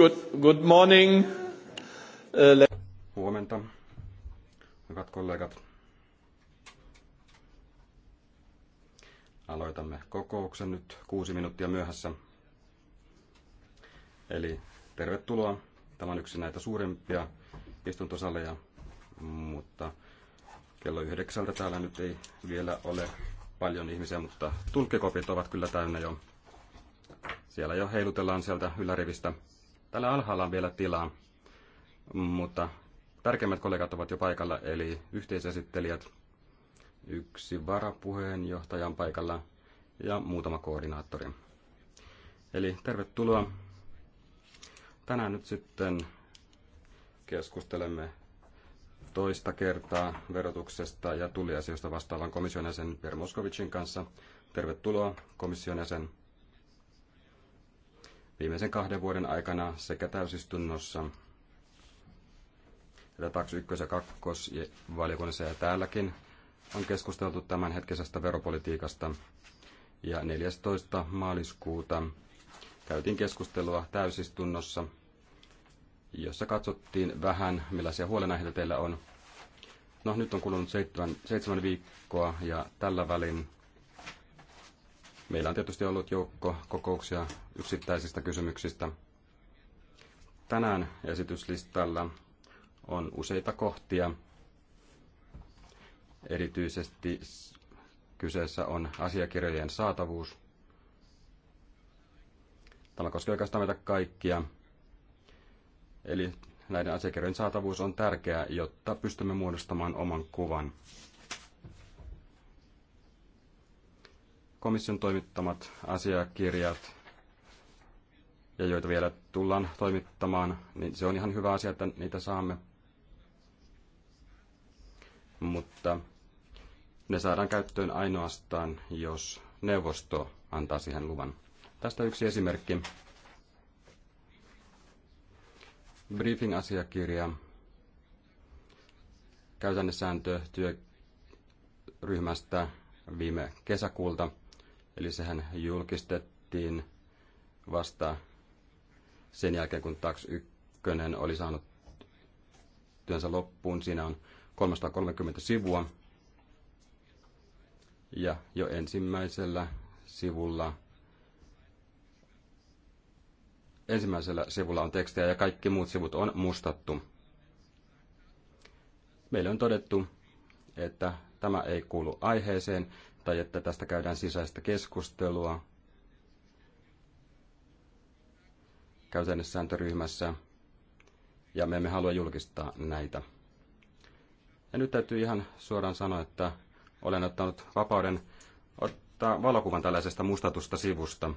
Good, good morning. Uh, Huomenta, hyvät kollegat. Aloitamme kokouksen nyt kuusi minuuttia myöhässä. Eli tervetuloa. Tämä on yksi näitä suurimpia istuntosaleja, mutta kello yhdeksältä täällä nyt ei vielä ole paljon ihmisiä, mutta tulkkikopit ovat kyllä täynnä jo. Siellä jo heilutellaan sieltä ylärivistä. Täällä alhaalla on vielä tilaa, mutta tärkeimmät kollegat ovat jo paikalla, eli yhteisesittelijät, yksi varapuheenjohtaja on paikalla ja muutama koordinaattori. Eli tervetuloa. Tänään nyt sitten keskustelemme toista kertaa verotuksesta ja tuliasioista vastaavan komission jäsen Per Moskovicin kanssa. Tervetuloa komission jäsen viimeisen kahden vuoden aikana sekä täysistunnossa että TAX ja 2 valiokunnassa ja täälläkin on keskusteltu tämänhetkisestä veropolitiikasta. Ja 14. maaliskuuta käytiin keskustelua täysistunnossa, jossa katsottiin vähän, millaisia huolenaiheita teillä on. No nyt on kulunut seitsemän, seitsemän viikkoa ja tällä välin Meillä on tietysti ollut joukko kokouksia yksittäisistä kysymyksistä. Tänään esityslistalla on useita kohtia. Erityisesti kyseessä on asiakirjojen saatavuus. Tämä koskee oikeastaan meitä kaikkia. Eli näiden asiakirjojen saatavuus on tärkeää, jotta pystymme muodostamaan oman kuvan komission toimittamat asiakirjat ja joita vielä tullaan toimittamaan, niin se on ihan hyvä asia, että niitä saamme. Mutta ne saadaan käyttöön ainoastaan, jos neuvosto antaa siihen luvan. Tästä yksi esimerkki. Briefing-asiakirja, käytännössääntö työryhmästä viime kesäkuulta. Eli sehän julkistettiin vasta sen jälkeen, kun TAX 1 oli saanut työnsä loppuun. Siinä on 330 sivua. Ja jo ensimmäisellä sivulla ensimmäisellä sivulla on tekstiä ja kaikki muut sivut on mustattu. Meille on todettu, että tämä ei kuulu aiheeseen tai että tästä käydään sisäistä keskustelua käytännössääntöryhmässä, ja me emme halua julkistaa näitä. Ja nyt täytyy ihan suoraan sanoa, että olen ottanut vapauden ottaa valokuvan tällaisesta mustatusta sivusta.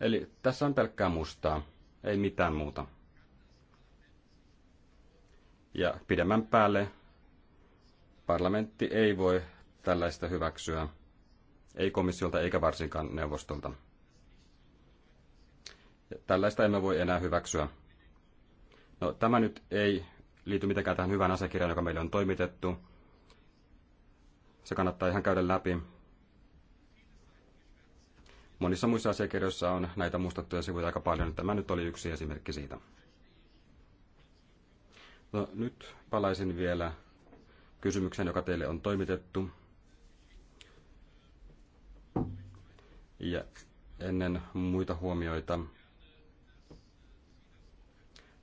Eli tässä on pelkkää mustaa, ei mitään muuta. Ja pidemmän päälle parlamentti ei voi tällaista hyväksyä, ei komissiolta eikä varsinkaan neuvostolta. Tällaista emme voi enää hyväksyä. No, tämä nyt ei liity mitenkään tähän hyvään asiakirjaan, joka meille on toimitettu. Se kannattaa ihan käydä läpi. Monissa muissa asiakirjoissa on näitä mustattuja sivuja aika paljon. Tämä nyt oli yksi esimerkki siitä. No, nyt palaisin vielä kysymykseen, joka teille on toimitettu. Ja ennen muita huomioita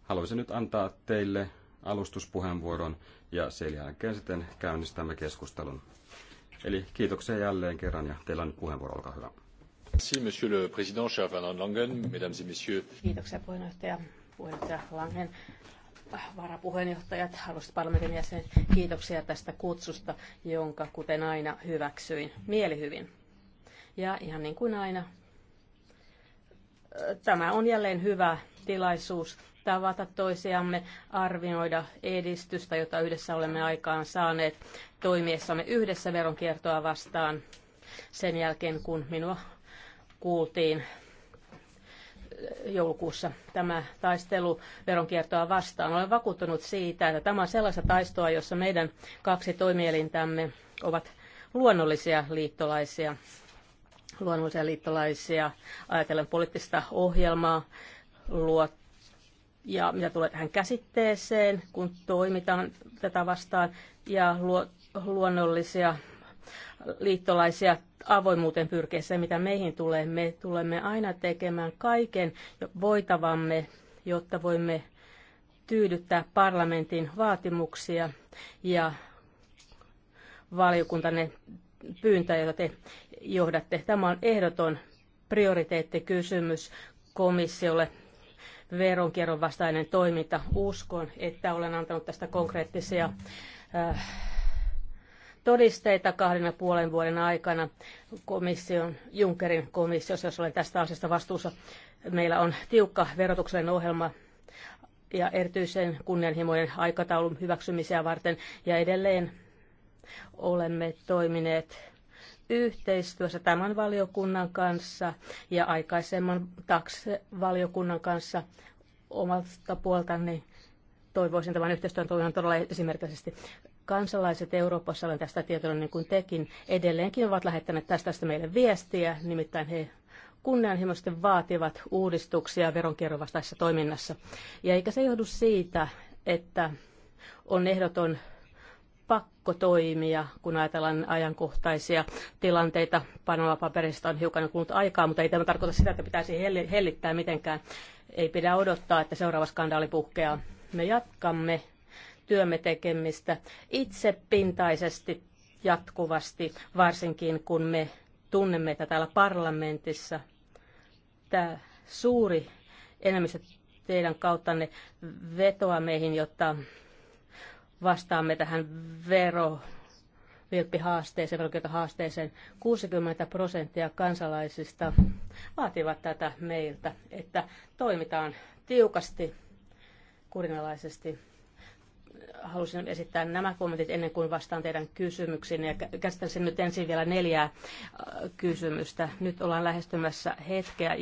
haluaisin nyt antaa teille alustuspuheenvuoron ja sen jälkeen sitten käynnistämme keskustelun. Eli kiitoksia jälleen kerran ja teillä on puheenvuoro, olkaa hyvä. Merci, monsieur le président, cher Van Langen, mesdames et messieurs. Kiitoksia puheenjohtaja, puheenjohtaja Langen, varapuheenjohtajat, arvoisat parlamentin jäsenet. Kiitoksia tästä kutsusta, jonka kuten aina hyväksyin mielihyvin. Ja ihan niin kuin aina, tämä on jälleen hyvä tilaisuus tavata toisiamme, arvioida edistystä, jota yhdessä olemme aikaan saaneet toimiessamme yhdessä veronkiertoa vastaan sen jälkeen, kun minua kuultiin joulukuussa tämä taistelu veronkiertoa vastaan. Olen vakuuttunut siitä, että tämä on sellaista taistoa, jossa meidän kaksi toimielintämme ovat luonnollisia liittolaisia luonnollisia liittolaisia, ajatellen poliittista ohjelmaa, luot ja mitä tulee tähän käsitteeseen, kun toimitaan tätä vastaan, ja luonnollisia liittolaisia avoimuuteen pyrkeessä, mitä meihin tulee. Me tulemme aina tekemään kaiken voitavamme, jotta voimme tyydyttää parlamentin vaatimuksia ja valiokuntanne pyyntöjä, joita te johdatte. Tämä on ehdoton prioriteettikysymys komissiolle veronkierron vastainen toiminta. Uskon, että olen antanut tästä konkreettisia äh, todisteita kahden ja puolen vuoden aikana komission, Junckerin komissiossa, jos olen tästä asiasta vastuussa. Meillä on tiukka verotuksellinen ohjelma ja erityisen kunnianhimoinen aikataulun hyväksymisiä varten ja edelleen olemme toimineet yhteistyössä tämän valiokunnan kanssa ja aikaisemman TAX-valiokunnan kanssa omalta puoltani. Toivoisin tämän yhteistyön toivon todella esimerkiksi kansalaiset Euroopassa, olen tästä tietoinen niin kuin tekin, edelleenkin ovat lähettäneet tästä meille viestiä, nimittäin he kunnianhimoisesti vaativat uudistuksia veronkierron vastaisessa toiminnassa. Ja eikä se johdu siitä, että on ehdoton pakko toimia, kun ajatellaan ajankohtaisia tilanteita. Panoa paperista on hiukan kulunut aikaa, mutta ei tämä tarkoita sitä, että pitäisi hellittää mitenkään. Ei pidä odottaa, että seuraava skandaali puhkeaa. Me jatkamme työmme tekemistä itsepintaisesti jatkuvasti, varsinkin kun me tunnemme, että täällä parlamentissa tämä suuri enemmistö teidän kauttanne vetoa meihin, jotta vastaamme tähän vero vilppihaasteeseen, haasteeseen 60 prosenttia kansalaisista vaativat tätä meiltä, että toimitaan tiukasti, kurinalaisesti. Halusin esittää nämä kommentit ennen kuin vastaan teidän kysymyksiin ja käsittelen nyt ensin vielä neljää äh, kysymystä. Nyt ollaan lähestymässä hetkeä,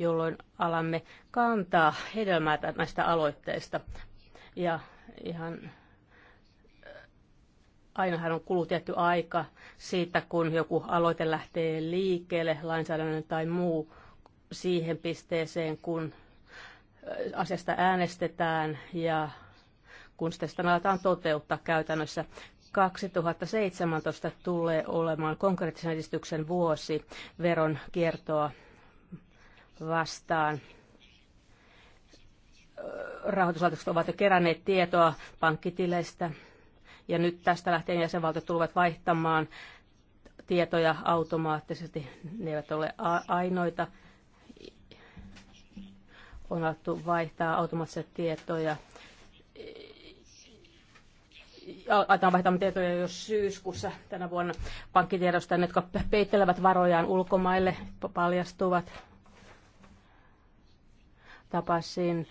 jolloin alamme kantaa hedelmää näistä aloitteista. Ja ihan äh, ainahan on kulu tietty aika siitä, kun joku aloite lähtee liikkeelle, lainsäädännön tai muu, siihen pisteeseen, kun äh, asiasta äänestetään ja kun sitä sitten aletaan toteuttaa käytännössä. 2017 tulee olemaan konkreettisen edistyksen vuosi veron kiertoa vastaan. Rahoituslaitokset ovat jo keränneet tietoa pankkitileistä ja nyt tästä lähtien jäsenvaltiot tulevat vaihtamaan tietoja automaattisesti. Ne eivät ole ainoita. On alettu vaihtaa automaattisia tietoja aletaan vaihtaa tietoja jo syyskuussa tänä vuonna pankkitiedosta, jotka peittelevät varojaan ulkomaille, paljastuvat. Tapasin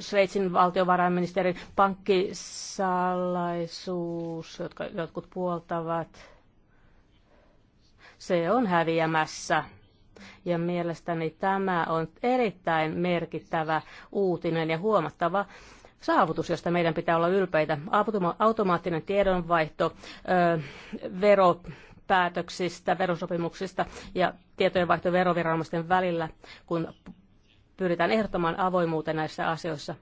Sveitsin valtiovarainministerin pankkisalaisuus, jotka jotkut puoltavat. Se on häviämässä. Ja mielestäni tämä on erittäin merkittävä uutinen ja huomattava saavutus, josta meidän pitää olla ylpeitä. Automaattinen tiedonvaihto, vero päätöksistä, verosopimuksista ja tietojenvaihto veroviranomaisten välillä, kun pyritään ehdottamaan avoimuuteen näissä asioissa.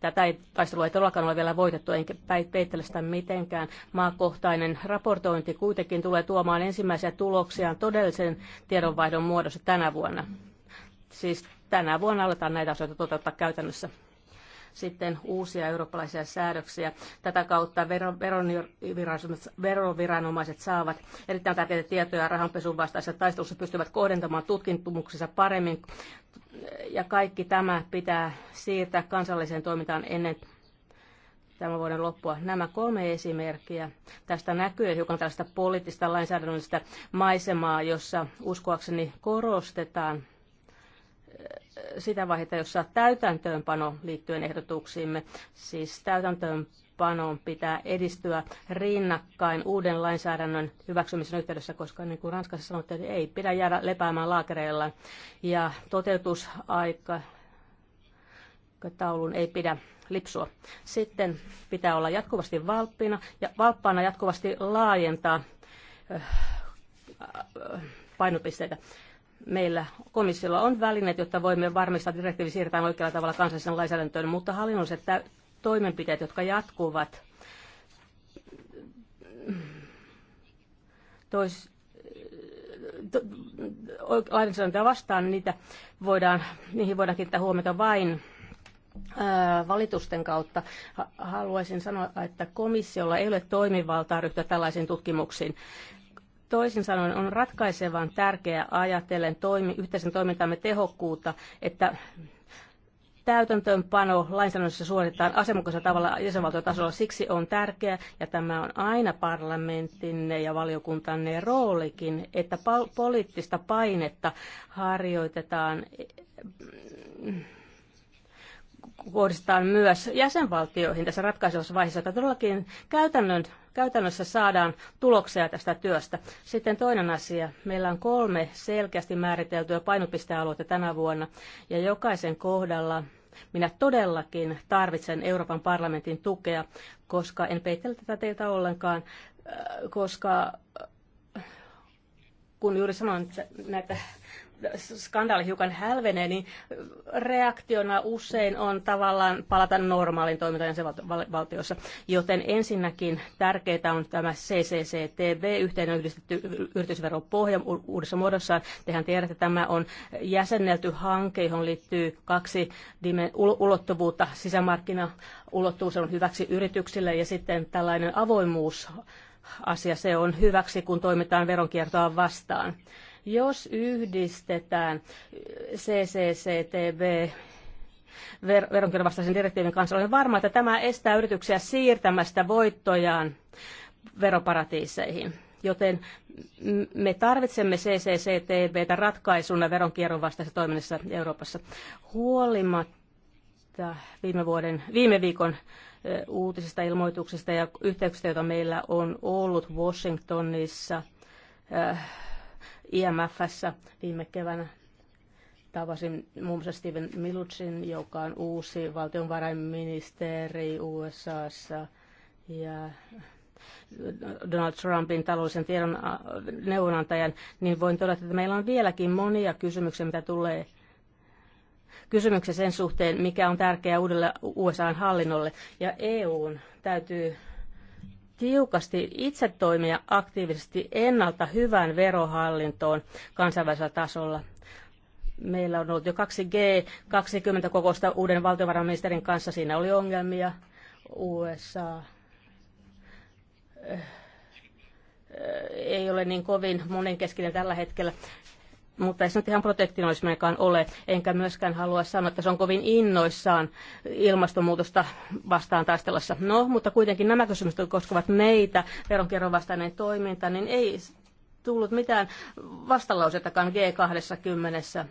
Tätä ei, taistelua ei todellakaan ole vielä voitettu, enkä peittele sitä mitenkään. Maakohtainen raportointi kuitenkin tulee tuomaan ensimmäisiä tuloksiaan todellisen tiedonvaihdon muodossa tänä vuonna. Siis tänä vuonna aletaan näitä asioita toteuttaa käytännössä sitten uusia eurooppalaisia säädöksiä. Tätä kautta veroviranomaiset saavat erittäin tärkeitä tietoja rahanpesun vastaisessa taistelussa pystyvät kohdentamaan tutkimuksensa paremmin ja kaikki tämä pitää siirtää kansalliseen toimintaan ennen tämän vuoden loppua. Nämä kolme esimerkkiä. Tästä näkyy hiukan tällaista poliittista lainsäädännöllistä maisemaa, jossa uskoakseni korostetaan eh, sitä vaihetta, jossa täytäntöönpano liittyen ehdotuksiimme, siis täytäntöön toimeenpanoon pitää edistyä rinnakkain uuden lainsäädännön hyväksymisen yhteydessä, koska niin kuin Ranskassa sanottiin, ei pidä jäädä lepäämään laakereilla ja toteutusaika taulun ei pidä lipsua. Sitten pitää olla jatkuvasti valppina ja valppaana jatkuvasti laajentaa painopisteitä. Meillä komissiolla on välineet, jotta voimme varmistaa direktiivi siirretään oikealla tavalla kansallisen lainsäädäntöön, mutta hallinnolliset toimenpiteet, jotka jatkuvat. Tois, lainsäädäntöä vastaan, niin niitä voidaan, niihin voidaan kiinnittää huomiota vain valitusten kautta. Haluaisin sanoa, että komissiolla ei ole toimivaltaa ryhtyä tällaisiin tutkimuksiin. Toisin sanoen on ratkaisevan tärkeää ajatellen toimi, yhteisen toimintamme tehokkuutta, että täytäntöönpano lainsäädännössä suoritetaan asianmukaisella tavalla jäsenvaltiotasolla. Siksi on tärkeää, ja tämä on aina parlamentinne ja valiokuntanne roolikin, että poliittista painetta harjoitetaan kohdistetaan myös jäsenvaltioihin tässä ratkaisevassa vaiheessa, että todellakin käytännön, käytännössä saadaan tuloksia tästä työstä. Sitten toinen asia. Meillä on kolme selkeästi määriteltyä painopistealuetta tänä vuonna, ja jokaisen kohdalla minä todellakin tarvitsen Euroopan parlamentin tukea, koska en peittele tätä teiltä ollenkaan, äh, koska äh, kun juuri sanoin näitä skandaali hiukan hälvenee, niin reaktiona usein on tavallaan palata normaaliin toimintaan valtiossa. Joten ensinnäkin tärkeää on tämä CCCTV, yhteinen yhdistetty yritysveropohja uudessa muodossaan. Tehän tiedätte, että tämä on jäsennelty hanke, johon liittyy kaksi ulottuvuutta, sisämarkkina ulottuvuus on hyväksi yrityksille ja sitten tällainen avoimuus asia, se on hyväksi, kun toimitaan veronkiertoa vastaan. Jos yhdistetään CCCTB veronkirjavastaisen direktiivin kanssa, olen varma, että tämä estää yrityksiä siirtämästä voittojaan veroparatiiseihin. Joten me tarvitsemme CCCTBtä ratkaisuna veronkierron vastaisessa toiminnassa Euroopassa. Huolimatta viime, vuoden, viime viikon uutisista, ilmoituksista ja yhteyksistä, joita meillä on ollut Washingtonissa, äh, IMFssä viime keväänä. Tavasin muun muassa Steven Milutsin, joka on uusi valtionvarainministeri USAssa ja Donald Trumpin taloudellisen tiedon äh, neuvonantajan, niin voin todeta, että meillä on vieläkin monia kysymyksiä, mitä tulee kysymyksiä sen suhteen, mikä on tärkeää uudelle usa hallinnolle. Ja EUn täytyy tiukasti itse toimia aktiivisesti ennalta hyvään verohallintoon kansainvälisellä tasolla. Meillä on ollut jo 2G20-kokousta uuden valtiovarainministerin kanssa. Siinä oli ongelmia. USA eh, eh, ei ole niin kovin monenkeskinen tällä hetkellä mutta ei se nyt ihan protektionismiakaan ole, enkä myöskään halua sanoa, että se on kovin innoissaan ilmastonmuutosta vastaan taistelussa. No, mutta kuitenkin nämä kysymykset, koskevat meitä, veronkierron vastainen toiminta, niin ei tullut mitään vastalausetakaan G20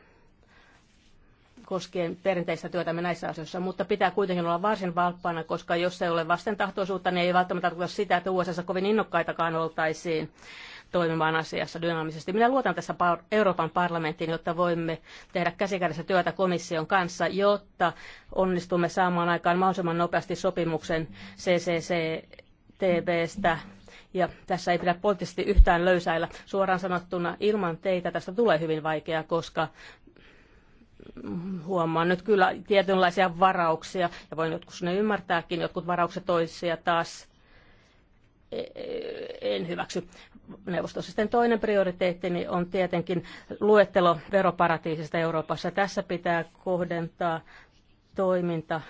koskien perinteistä työtämme näissä asioissa, mutta pitää kuitenkin olla varsin valppaana, koska jos ei ole vastentahtoisuutta, niin ei välttämättä tarkoita sitä, että USA kovin innokkaitakaan oltaisiin toimimaan asiassa dynaamisesti. Minä luotan tässä Euroopan parlamenttiin, jotta voimme tehdä käsikädessä työtä komission kanssa, jotta onnistumme saamaan aikaan mahdollisimman nopeasti sopimuksen CCCTBstä. Ja tässä ei pidä poliittisesti yhtään löysäillä. Suoraan sanottuna ilman teitä tästä tulee hyvin vaikeaa, koska huomaan nyt kyllä tietynlaisia varauksia, ja voin jotkut ne ymmärtääkin, jotkut varaukset toisia taas e- e- en hyväksy neuvostossa. Sitten toinen niin on tietenkin luettelo veroparatiisista Euroopassa. Tässä pitää kohdentaa toiminta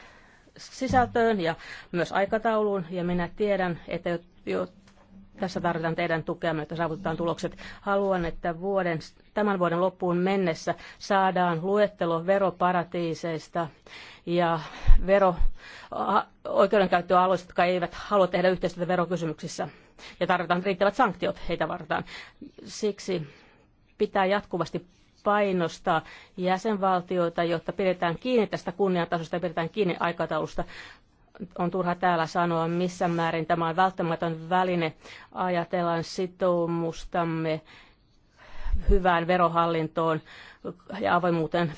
sisältöön ja myös aikatauluun. Ja minä tiedän, että jo tässä tarvitaan teidän tukea, että saavutetaan tulokset. Haluan, että vuoden, tämän vuoden loppuun mennessä saadaan luettelo veroparatiiseista ja vero, oikeudenkäyttöalueista, jotka eivät halua tehdä yhteistyötä verokysymyksissä ja tarvitaan riittävät sanktiot heitä vartaan. Siksi pitää jatkuvasti painostaa jäsenvaltioita, jotta pidetään kiinni tästä kunniantasosta ja pidetään kiinni aikataulusta. On turha täällä sanoa, missä määrin tämä on välttämätön väline. Ajatellaan sitoumustamme hyvään verohallintoon ja avoimuuteen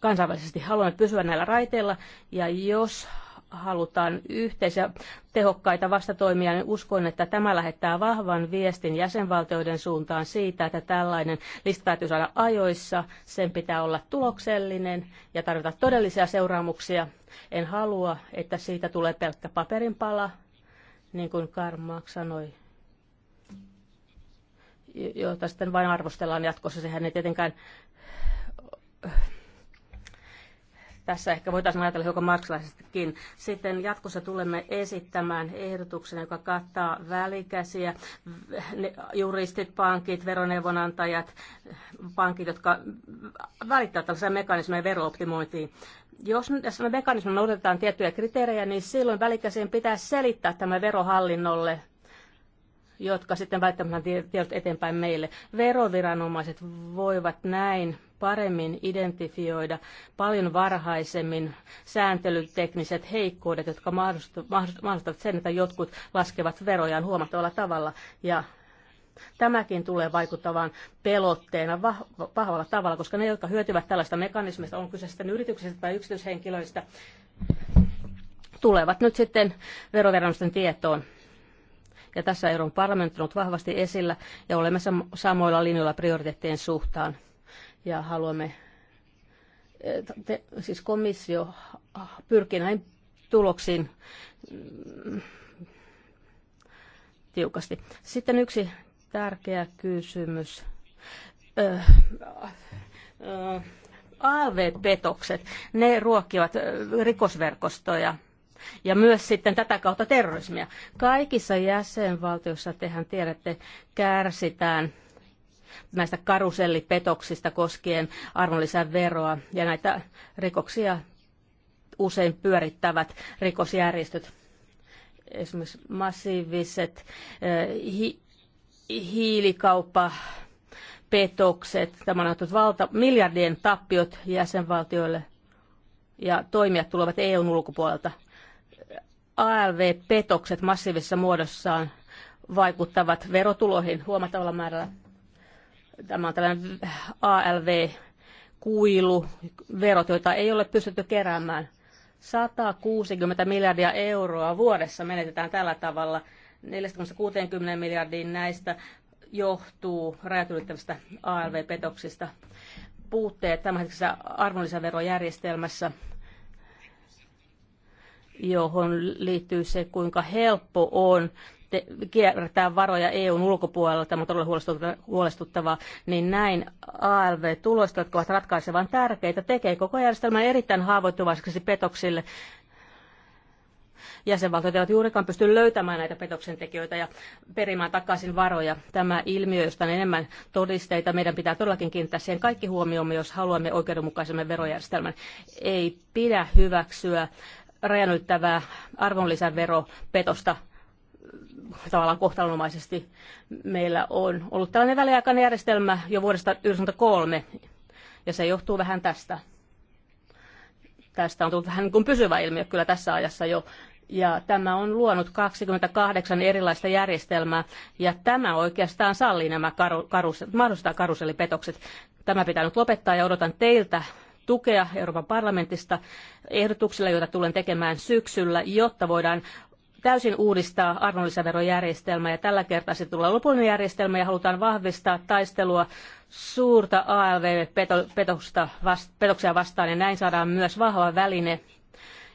kansainvälisesti. Haluamme pysyä näillä raiteilla ja jos halutaan yhteisiä tehokkaita vastatoimia, niin uskon, että tämä lähettää vahvan viestin jäsenvaltioiden suuntaan siitä, että tällainen lista täytyy saada ajoissa, sen pitää olla tuloksellinen ja tarvita todellisia seuraamuksia. En halua, että siitä tulee pelkkä paperinpala, niin kuin Karl sanoi, jota sitten vain arvostellaan jatkossa. Sehän ei tietenkään tässä ehkä voitaisiin ajatella hiukan marksilaisestikin. Sitten jatkossa tulemme esittämään ehdotuksen, joka kattaa välikäsiä, juristit, pankit, veroneuvonantajat, pankit, jotka välittävät tällaisia mekanismeja verooptimointiin jos tässä mekanismilla noudatetaan tiettyjä kriteerejä, niin silloin välikäsien pitää selittää tämä verohallinnolle, jotka sitten välttämättä tiedot eteenpäin meille. Veroviranomaiset voivat näin paremmin identifioida paljon varhaisemmin sääntelytekniset heikkoudet, jotka mahdollistavat sen, että jotkut laskevat verojaan huomattavalla tavalla ja Tämäkin tulee vaikuttamaan pelotteena vahvalla tavalla, koska ne, jotka hyötyvät tällaista mekanismista, on kyse sitten yrityksistä tai yksityishenkilöistä, tulevat nyt sitten veroviranomaisten tietoon ja tässä Euroopan parlamentti on ollut vahvasti esillä ja olemme samoilla linjoilla prioriteettien suhtaan. Ja haluamme, eh, te, siis komissio pyrkii näihin tuloksiin mm, tiukasti. Sitten yksi tärkeä kysymys. Öö, öö, petokset ne ruokkivat eh, rikosverkostoja ja myös sitten tätä kautta terrorismia. Kaikissa jäsenvaltioissa, tehän tiedätte, kärsitään näistä karusellipetoksista koskien arvonlisäveroa ja näitä rikoksia usein pyörittävät rikosjärjestöt, esimerkiksi massiiviset eh, hi- hiilikauppa, petokset, tämä on valta, miljardien tappiot jäsenvaltioille ja toimijat tulevat EUn ulkopuolelta. ALV-petokset massiivisessa muodossaan vaikuttavat verotuloihin huomattavalla määrällä. Tämä on tällainen ALV-kuilu, verot, joita ei ole pystytty keräämään. 160 miljardia euroa vuodessa menetetään tällä tavalla. 460 miljardiin näistä johtuu rajat ylittävistä ALV-petoksista. Puutteet tämänhetkisessä arvonlisäverojärjestelmässä johon liittyy se, kuinka helppo on te- kiertää varoja EUn ulkopuolella, tämä on todella huolestuttavaa, niin näin alv tulosta jotka ovat ratkaisevan tärkeitä, tekee koko järjestelmän erittäin haavoittuvaiseksi petoksille. Jäsenvaltiot eivät juurikaan pysty löytämään näitä petoksentekijöitä ja perimään takaisin varoja. Tämä ilmiö, josta on enemmän todisteita, meidän pitää todellakin kiinnittää siihen kaikki huomioon, jos haluamme oikeudenmukaisemman verojärjestelmän. Ei pidä hyväksyä ylittävää arvonlisäveropetosta tavallaan kohtalonomaisesti. Meillä on ollut tällainen väliaikainen järjestelmä jo vuodesta 1993, ja se johtuu vähän tästä. Tästä on tullut vähän niin kuin pysyvä ilmiö kyllä tässä ajassa jo. Ja tämä on luonut 28 erilaista järjestelmää, ja tämä oikeastaan sallii nämä karu, karus, mahdollistaa karuselipetokset. Tämä pitää nyt lopettaa, ja odotan teiltä tukea Euroopan parlamentista ehdotuksilla, joita tulen tekemään syksyllä, jotta voidaan täysin uudistaa arvonlisäverojärjestelmä ja tällä kertaa se tulee lopullinen järjestelmä ja halutaan vahvistaa taistelua suurta ALV-petoksia vastaan ja näin saadaan myös vahva väline,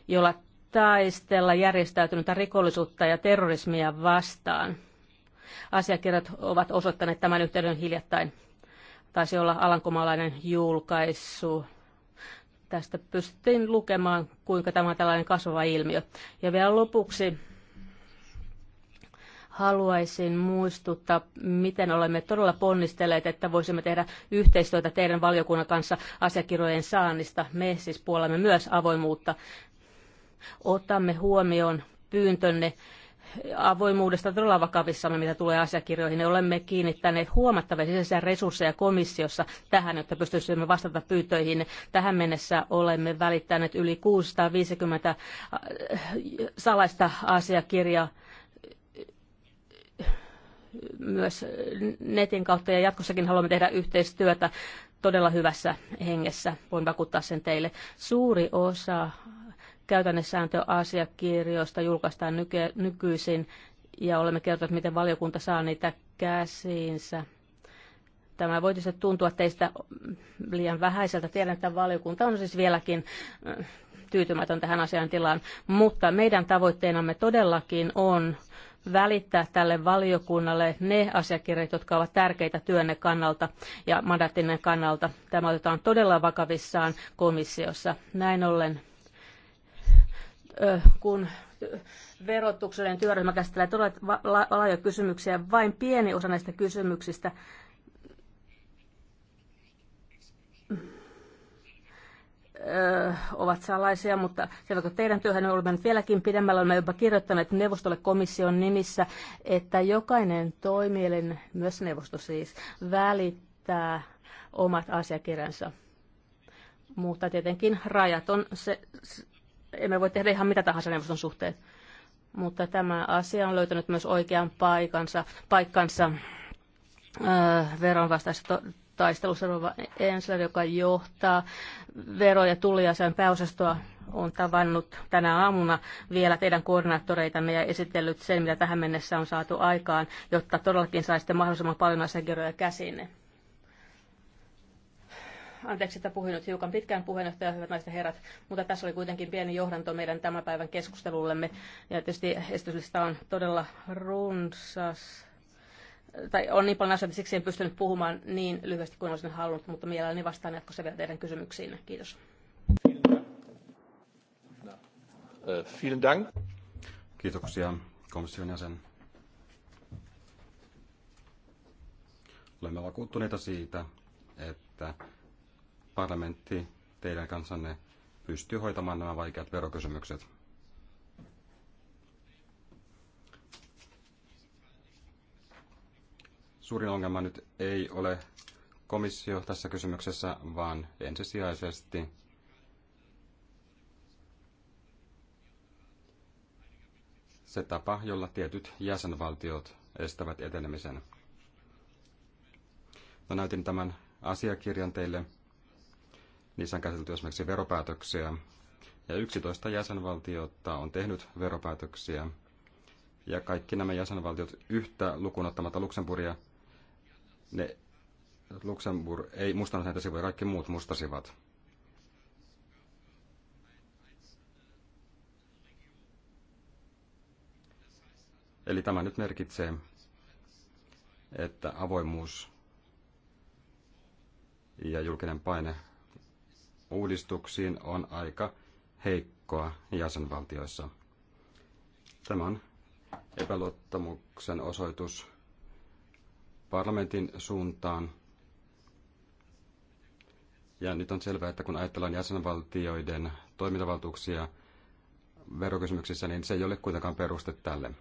jolla taistella järjestäytynyttä rikollisuutta ja terrorismia vastaan. Asiakirjat ovat osoittaneet tämän yhteyden hiljattain. Taisi olla alankomaalainen julkaisu Tästä pystyttiin lukemaan, kuinka tämä on tällainen kasvava ilmiö. Ja vielä lopuksi haluaisin muistuttaa, miten olemme todella ponnistelleet, että voisimme tehdä yhteistyötä teidän valiokunnan kanssa asiakirjojen saannista. Me siis puolemme myös avoimuutta. Otamme huomioon pyyntönne avoimuudesta todella vakavissamme, mitä tulee asiakirjoihin. Ne olemme kiinnittäneet huomattavia sisäisiä resursseja komissiossa tähän, jotta pystyisimme vastata pyytöihin. Tähän mennessä olemme välittäneet yli 650 äh, salaista asiakirjaa myös netin kautta ja jatkossakin haluamme tehdä yhteistyötä todella hyvässä hengessä. Voin vakuuttaa sen teille. Suuri osa käytännessääntöasiakirjoista julkaistaan nyky- nykyisin ja olemme kertoneet, miten valiokunta saa niitä käsiinsä. Tämä voi tietysti tuntua teistä liian vähäiseltä. Tiedän, että valiokunta on siis vieläkin äh, tyytymätön tähän tilaan, mutta meidän tavoitteenamme todellakin on välittää tälle valiokunnalle ne asiakirjat, jotka ovat tärkeitä työnne kannalta ja mandaattinen kannalta. Tämä otetaan todella vakavissaan komissiossa. Näin ollen kun verotuksellinen työryhmä käsittelee todella laajoja kysymyksiä. Vain pieni osa näistä kysymyksistä ovat salaisia, mutta se vaikka teidän työhön on nyt vieläkin pidemmällä, olemme jopa kirjoittaneet neuvostolle komission nimissä, että jokainen toimielin, myös neuvosto siis, välittää omat asiakirjansa. Mutta tietenkin rajat on se, emme voi tehdä ihan mitä tahansa neuvoston suhteen. Mutta tämä asia on löytänyt myös oikean paikansa, paikkansa veronvastaisessa taistelussa Rova Ensler, joka johtaa vero- ja tulliasian pääosastoa, on tavannut tänä aamuna vielä teidän koordinaattoreitanne ja esitellyt sen, mitä tähän mennessä on saatu aikaan, jotta todellakin saisitte mahdollisimman paljon asiakirjoja käsinne. Anteeksi, että puhuin nyt hiukan pitkään puheenjohtaja, hyvät naiset ja herrat, mutta tässä oli kuitenkin pieni johdanto meidän tämän päivän keskustelullemme. Ja tietysti esityslista on todella runsas. Tai on niin paljon asioita, siksi en pystynyt puhumaan niin lyhyesti kuin olisin halunnut, mutta mielelläni vastaan jatkossa vielä teidän kysymyksiin. Kiitos. Vielen Dank. Kiitoksia komission jäsen. Olemme vakuuttuneita siitä, että parlamentti teidän kansanne pystyy hoitamaan nämä vaikeat verokysymykset. Suurin ongelma nyt ei ole komissio tässä kysymyksessä, vaan ensisijaisesti se tapa, jolla tietyt jäsenvaltiot estävät etenemisen. No, näytin tämän asiakirjan teille. Niissä on käsitelty esimerkiksi veropäätöksiä, ja 11 jäsenvaltiota on tehnyt veropäätöksiä, ja kaikki nämä jäsenvaltiot yhtä lukuun ottamatta Luxemburgia, ne Luxemburg ei mustanut näitä sivuja, kaikki muut mustasivat. Eli tämä nyt merkitsee, että avoimuus ja julkinen paine uudistuksiin on aika heikkoa jäsenvaltioissa. Tämä on epäluottamuksen osoitus parlamentin suuntaan. Ja nyt on selvää, että kun ajatellaan jäsenvaltioiden toimintavaltuuksia verokysymyksissä, niin se ei ole kuitenkaan peruste tälle.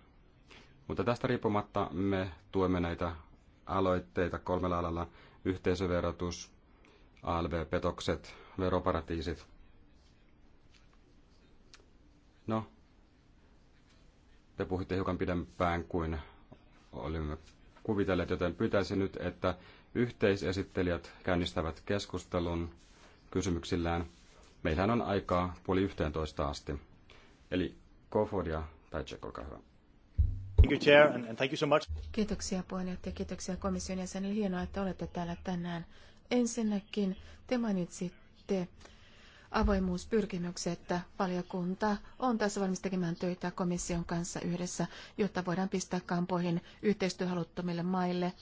Mutta tästä riippumatta me tuemme näitä aloitteita kolmella alalla. Yhteisöverotus, ALV-petokset, veroparatiisit. No, te puhuitte hiukan pidempään kuin olimme kuvitelleet, joten pyytäisin nyt, että yhteisesittelijät käynnistävät keskustelun kysymyksillään. Meillähän on aikaa puoli yhteentoista asti. Eli Kofod tai Tajek, olkaa hyvä. Kiitoksia puheenjohtaja, kiitoksia komission jäsenille. Hienoa, että olette täällä tänään. Ensinnäkin te mainitsitte tee avoimuuspyrkimyksiä, että valiokunta on tässä valmis tekemään töitä komission kanssa yhdessä, jotta voidaan pistää kampoihin yhteistyöhaluttomille maille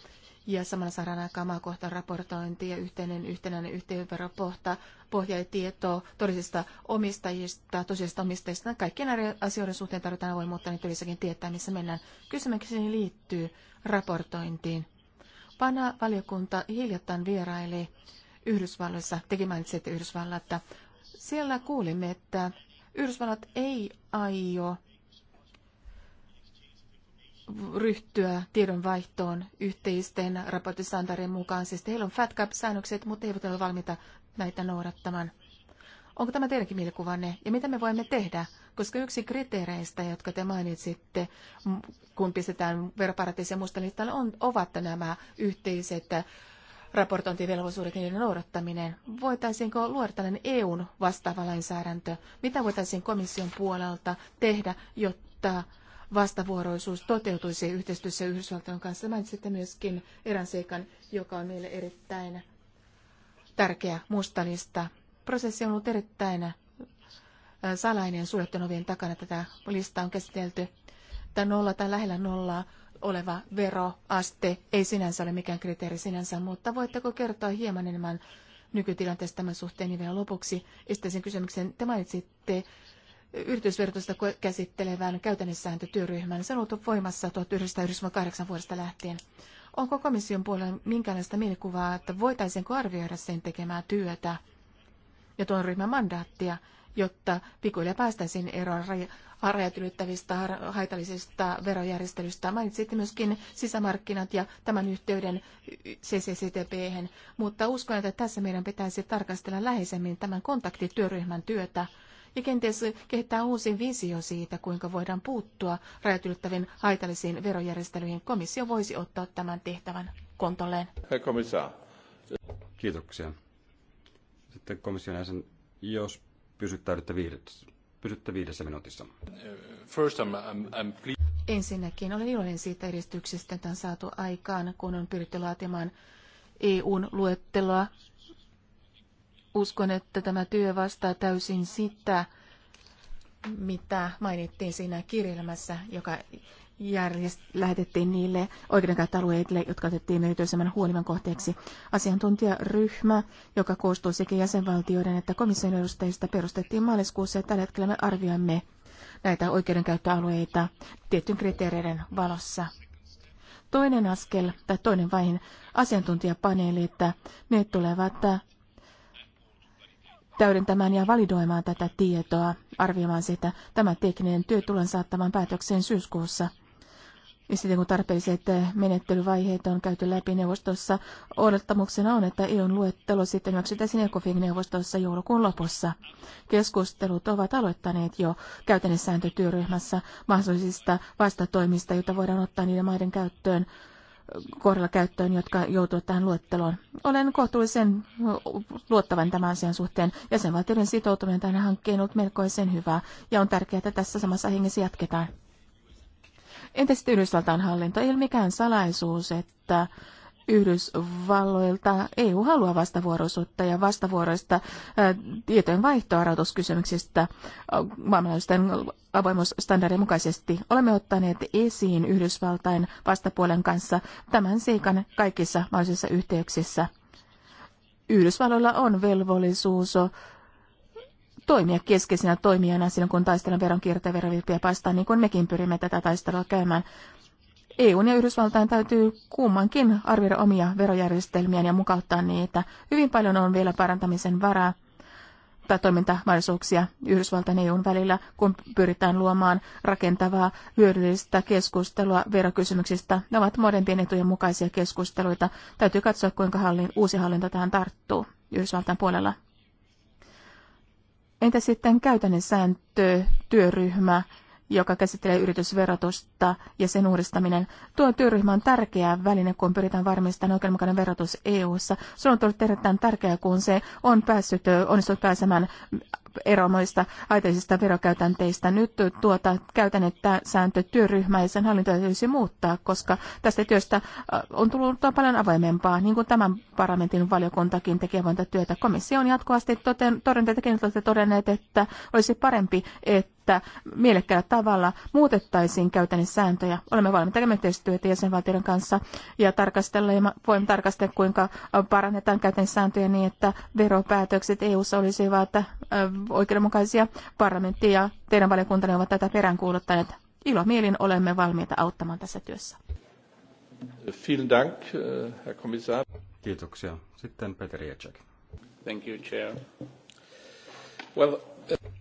ja samalla saadaan aikaan maakohtaan raportointi ja yhteinen yhtenäinen yhteenveropohta, pohja ja tietoa todellisista omistajista, tosiasta omistajista. Kaikkien näiden asioiden suhteen tarvitaan avoimuutta, niin tulisikin tietää, missä mennään. Kysymykseni liittyy raportointiin. Pana valiokunta hiljattain vieraili Yhdysvalloissa, tekin mainitsitte Yhdysvallat. Siellä kuulimme, että Yhdysvallat ei aio ryhtyä tiedonvaihtoon yhteisten raporttisandarien mukaan. Siis heillä on FATCAP säännökset mutta eivät ole valmiita näitä noudattamaan. Onko tämä teidänkin mielikuvanne ja mitä me voimme tehdä? Koska yksi kriteereistä, jotka te mainitsitte, kun pistetään veroparatiisia mustalle on, ovat nämä yhteiset raportointivelvollisuudet ja niiden noudattaminen. Voitaisiinko luoda tällainen EUn vastaava lainsäädäntö? Mitä voitaisiin komission puolelta tehdä, jotta vastavuoroisuus toteutuisi yhteistyössä Yhdysvaltojen kanssa? sitten myöskin erään seikan, joka on meille erittäin tärkeä mustalista. Prosessi on ollut erittäin äh, salainen suljettujen ovien takana. Tätä listaa on käsitelty tai nolla tai lähellä nollaa oleva veroaste ei sinänsä ole mikään kriteeri sinänsä, mutta voitteko kertoa hieman enemmän nykytilanteesta tämän suhteen niin vielä lopuksi esittäisin kysymyksen. Te mainitsitte yritysverotusta käsittelevän käytännössääntötyöryhmän. Se on ollut voimassa 1998 vuodesta lähtien. Onko komission puolella minkäänlaista mielikuvaa, että voitaisiinko arvioida sen tekemää työtä ja tuon ryhmän mandaattia jotta pikkuhiljaa päästäisiin eroon rajat ylittävistä haitallisista verojärjestelyistä. Mainitsitte myöskin sisämarkkinat ja tämän yhteyden CCCTP, hen, mutta uskon, että tässä meidän pitäisi tarkastella läheisemmin tämän kontaktityöryhmän työtä ja kenties kehittää uusi visio siitä, kuinka voidaan puuttua rajat ylittäviin haitallisiin verojärjestelyihin. Komissio voisi ottaa tämän tehtävän kontolleen. Hei, Kommissar. Kiitoksia. Sitten komission jäsen, jos pysyttäydytte viidessä, pysytte viidessä minuutissa. First I'm, I'm, I'm... Ensinnäkin olen iloinen siitä edistyksestä, että on saatu aikaan, kun on pyritty laatimaan EUn luetteloa. Uskon, että tämä työ vastaa täysin sitä, mitä mainittiin siinä kirjelmässä, joka järjest, lähetettiin niille oikeudenkäyttöalueille, jotka otettiin erityisemmän huolivan kohteeksi. Asiantuntijaryhmä, joka koostuu sekä jäsenvaltioiden että komission edustajista, perustettiin maaliskuussa ja tällä hetkellä me arvioimme näitä oikeudenkäyttöalueita tiettyjen kriteereiden valossa. Toinen askel tai toinen vaihe asiantuntijapaneeli, että ne tulevat täydentämään ja validoimaan tätä tietoa, arvioimaan sitä. Tämä tekninen työ tullaan saattamaan päätökseen syyskuussa – ja sitten kun tarpeelliset menettelyvaiheet on käyty läpi neuvostossa, odottamuksena on, että EUn luettelo sitten hyväksytäisiin ECOFIN neuvostossa joulukuun lopussa. Keskustelut ovat aloittaneet jo käytännössääntötyöryhmässä mahdollisista vastatoimista, joita voidaan ottaa niiden maiden käyttöön kohdalla käyttöön, jotka joutuvat tähän luetteloon. Olen kohtuullisen luottavan tämän asian suhteen. Jäsenvaltioiden sitoutuminen tähän hankkeen on ollut melkoisen hyvää ja on tärkeää, että tässä samassa hengessä jatketaan. Entä sitten Yhdysvaltain hallinto? Ei ole mikään salaisuus, että Yhdysvalloilta EU haluaa vastavuoroisuutta ja vastavuoroista tietojen vaihtoa rahoituskysymyksistä maailmanlaajuisten avoimuusstandardien mukaisesti. Olemme ottaneet esiin Yhdysvaltain vastapuolen kanssa tämän seikan kaikissa mahdollisissa yhteyksissä. Yhdysvalloilla on velvollisuus toimia keskeisenä toimijana silloin, kun taistellaan veronkiertoa ja verovilppiä vastaan, niin kuin mekin pyrimme tätä taistelua käymään. EUn ja Yhdysvaltain täytyy kummankin arvioida omia verojärjestelmiään ja mukauttaa niitä. Hyvin paljon on vielä parantamisen varaa tai toimintamahdollisuuksia Yhdysvaltain EUn välillä, kun pyritään luomaan rakentavaa, hyödyllistä keskustelua verokysymyksistä. Ne ovat molempien etujen mukaisia keskusteluita. Täytyy katsoa, kuinka hallin, uusi hallinto tähän tarttuu Yhdysvaltain puolella. Entä sitten käytännön sääntötyöryhmä, joka käsittelee yritysverotusta ja sen uudistaminen. Tuo työryhmä on tärkeä väline, kun pyritään varmistamaan oikeudenmukainen verotus EU-ssa. Se on tullut erittäin tärkeää, kun se on päässyt, onnistunut pääsemään eromoista aitaisista verokäytänteistä. Nyt tuota käytännettä sääntötyöryhmä ja sen hallinto täytyisi muuttaa, koska tästä työstä äh, on tullut paljon avoimempaa, niin kuin tämän parlamentin valiokuntakin tekee avointa työtä. Komissio on jatkuvasti toden, todenneet, että olisi parempi, että että mielekkäällä tavalla muutettaisiin käytännön sääntöjä. Olemme valmiita tekemään yhteistyötä jäsenvaltioiden kanssa ja tarkastella, ja voimme tarkastella, kuinka parannetaan käytännön sääntöjä niin, että veropäätökset EU-ssa olisivat oikeudenmukaisia. Parlamentti ja teidän valiokuntanne ovat tätä peräänkuuluttaneet. Ilo mielin olemme valmiita auttamaan tässä työssä. Vielen Dank, äh, Herr Kommissar. Kiitoksia. Sitten Peter Jacek. Thank you, Chair. Well,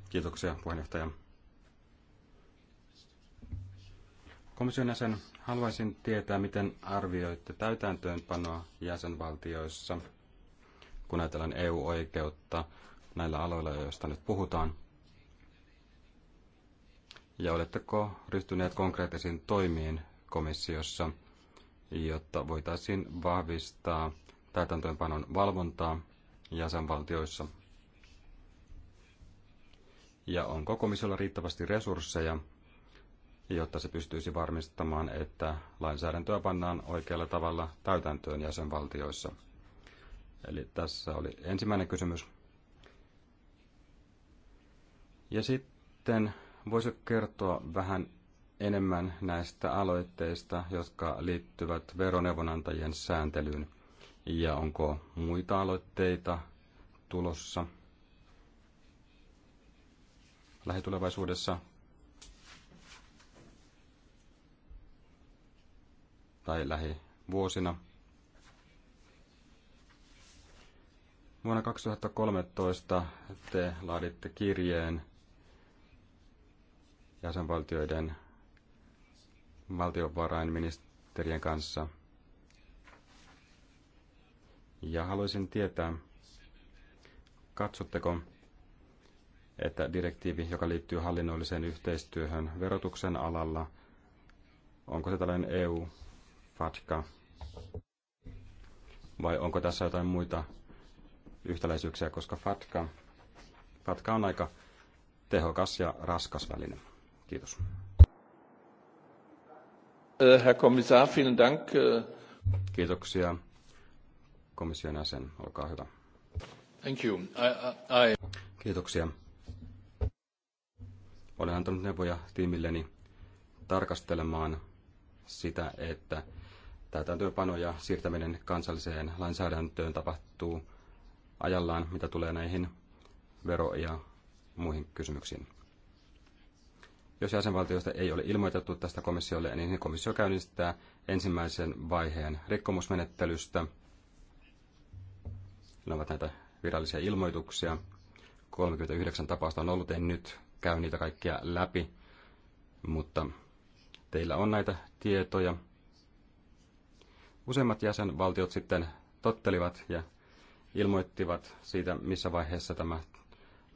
Kiitoksia puheenjohtaja. Komission jäsen, haluaisin tietää, miten arvioitte täytäntöönpanoa jäsenvaltioissa, kun ajatellaan EU-oikeutta näillä aloilla, joista nyt puhutaan. Ja oletteko ryhtyneet konkreettisiin toimiin komissiossa, jotta voitaisiin vahvistaa täytäntöönpanon valvontaa jäsenvaltioissa? Ja onko komissiolla riittävästi resursseja jotta se pystyisi varmistamaan, että lainsäädäntöä pannaan oikealla tavalla täytäntöön jäsenvaltioissa. Eli tässä oli ensimmäinen kysymys. Ja sitten voisi kertoa vähän enemmän näistä aloitteista, jotka liittyvät veroneuvonantajien sääntelyyn. Ja onko muita aloitteita tulossa lähitulevaisuudessa? tai lähivuosina. Vuonna 2013 te laaditte kirjeen jäsenvaltioiden valtiovarainministerien kanssa. Ja haluaisin tietää, katsotteko, että direktiivi, joka liittyy hallinnolliseen yhteistyöhön verotuksen alalla, onko se tällainen EU FATKA? Vai onko tässä jotain muita yhtäläisyyksiä, koska FATKA, FATKA on aika tehokas ja raskas väline. Kiitos. Äh, Herr Kommissar, vielen Dank. Äh. Kiitoksia. Komission jäsen, olkaa hyvä. Thank you. I, I, Kiitoksia. Olen antanut neuvoja tiimilleni tarkastelemaan sitä, että täytäntöönpano ja siirtäminen kansalliseen lainsäädäntöön tapahtuu ajallaan, mitä tulee näihin vero- ja muihin kysymyksiin. Jos jäsenvaltioista ei ole ilmoitettu tästä komissiolle, niin komissio käynnistää ensimmäisen vaiheen rikkomusmenettelystä. Ne ovat näitä virallisia ilmoituksia. 39 tapausta on ollut, en nyt käy niitä kaikkia läpi, mutta teillä on näitä tietoja Useimmat jäsenvaltiot sitten tottelivat ja ilmoittivat siitä, missä vaiheessa tämä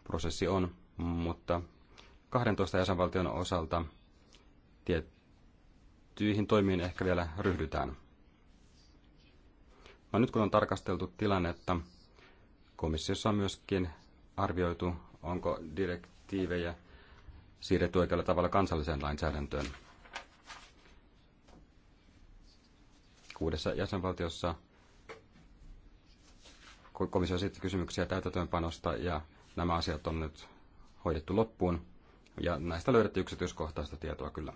prosessi on, mutta 12 jäsenvaltion osalta tiettyihin toimiin ehkä vielä ryhdytään. No nyt kun on tarkasteltu tilannetta, komissiossa on myöskin arvioitu, onko direktiivejä siirretty oikealla tavalla kansalliseen lainsäädäntöön. kuudessa jäsenvaltiossa. Komissio esitti kysymyksiä täytäntöönpanosta ja nämä asiat on nyt hoidettu loppuun. Ja näistä löydettiin yksityiskohtaista tietoa kyllä.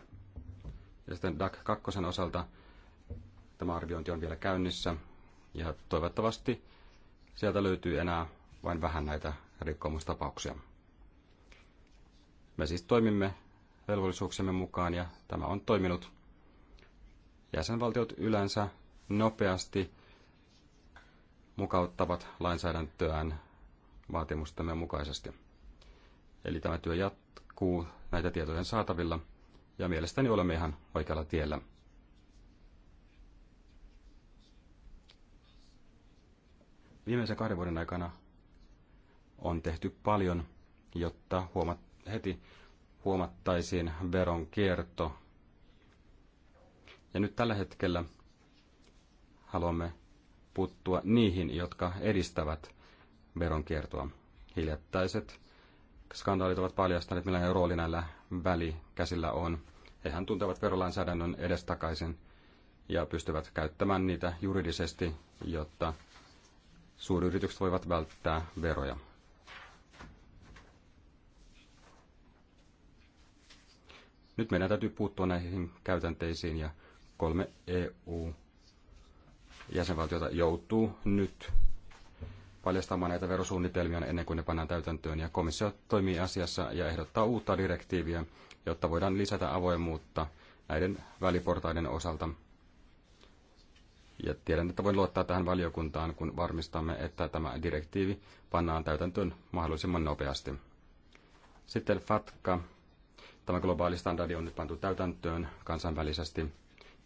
Ja sitten DAC 2 osalta tämä arviointi on vielä käynnissä. Ja toivottavasti sieltä löytyy enää vain vähän näitä rikkomustapauksia. Me siis toimimme velvollisuuksemme mukaan ja tämä on toiminut jäsenvaltiot yleensä nopeasti mukauttavat lainsäädäntöään vaatimustemme mukaisesti. Eli tämä työ jatkuu näitä tietojen saatavilla ja mielestäni olemme ihan oikealla tiellä. Viimeisen kahden vuoden aikana on tehty paljon, jotta huomat, heti huomattaisiin veronkierto ja nyt tällä hetkellä haluamme puuttua niihin, jotka edistävät veronkiertoa. Hiljattaiset skandaalit ovat paljastaneet, millainen rooli näillä välikäsillä on. Hehän tuntevat verolainsäädännön edestakaisin ja pystyvät käyttämään niitä juridisesti, jotta suuryritykset voivat välttää veroja. Nyt meidän täytyy puuttua näihin käytänteisiin ja kolme EU-jäsenvaltiota joutuu nyt paljastamaan näitä verosuunnitelmia ennen kuin ne pannaan täytäntöön, ja komissio toimii asiassa ja ehdottaa uutta direktiiviä, jotta voidaan lisätä avoimuutta näiden väliportaiden osalta. Ja tiedän, että voin luottaa tähän valiokuntaan, kun varmistamme, että tämä direktiivi pannaan täytäntöön mahdollisimman nopeasti. Sitten FATKA. Tämä globaali standardi on nyt pantu täytäntöön kansainvälisesti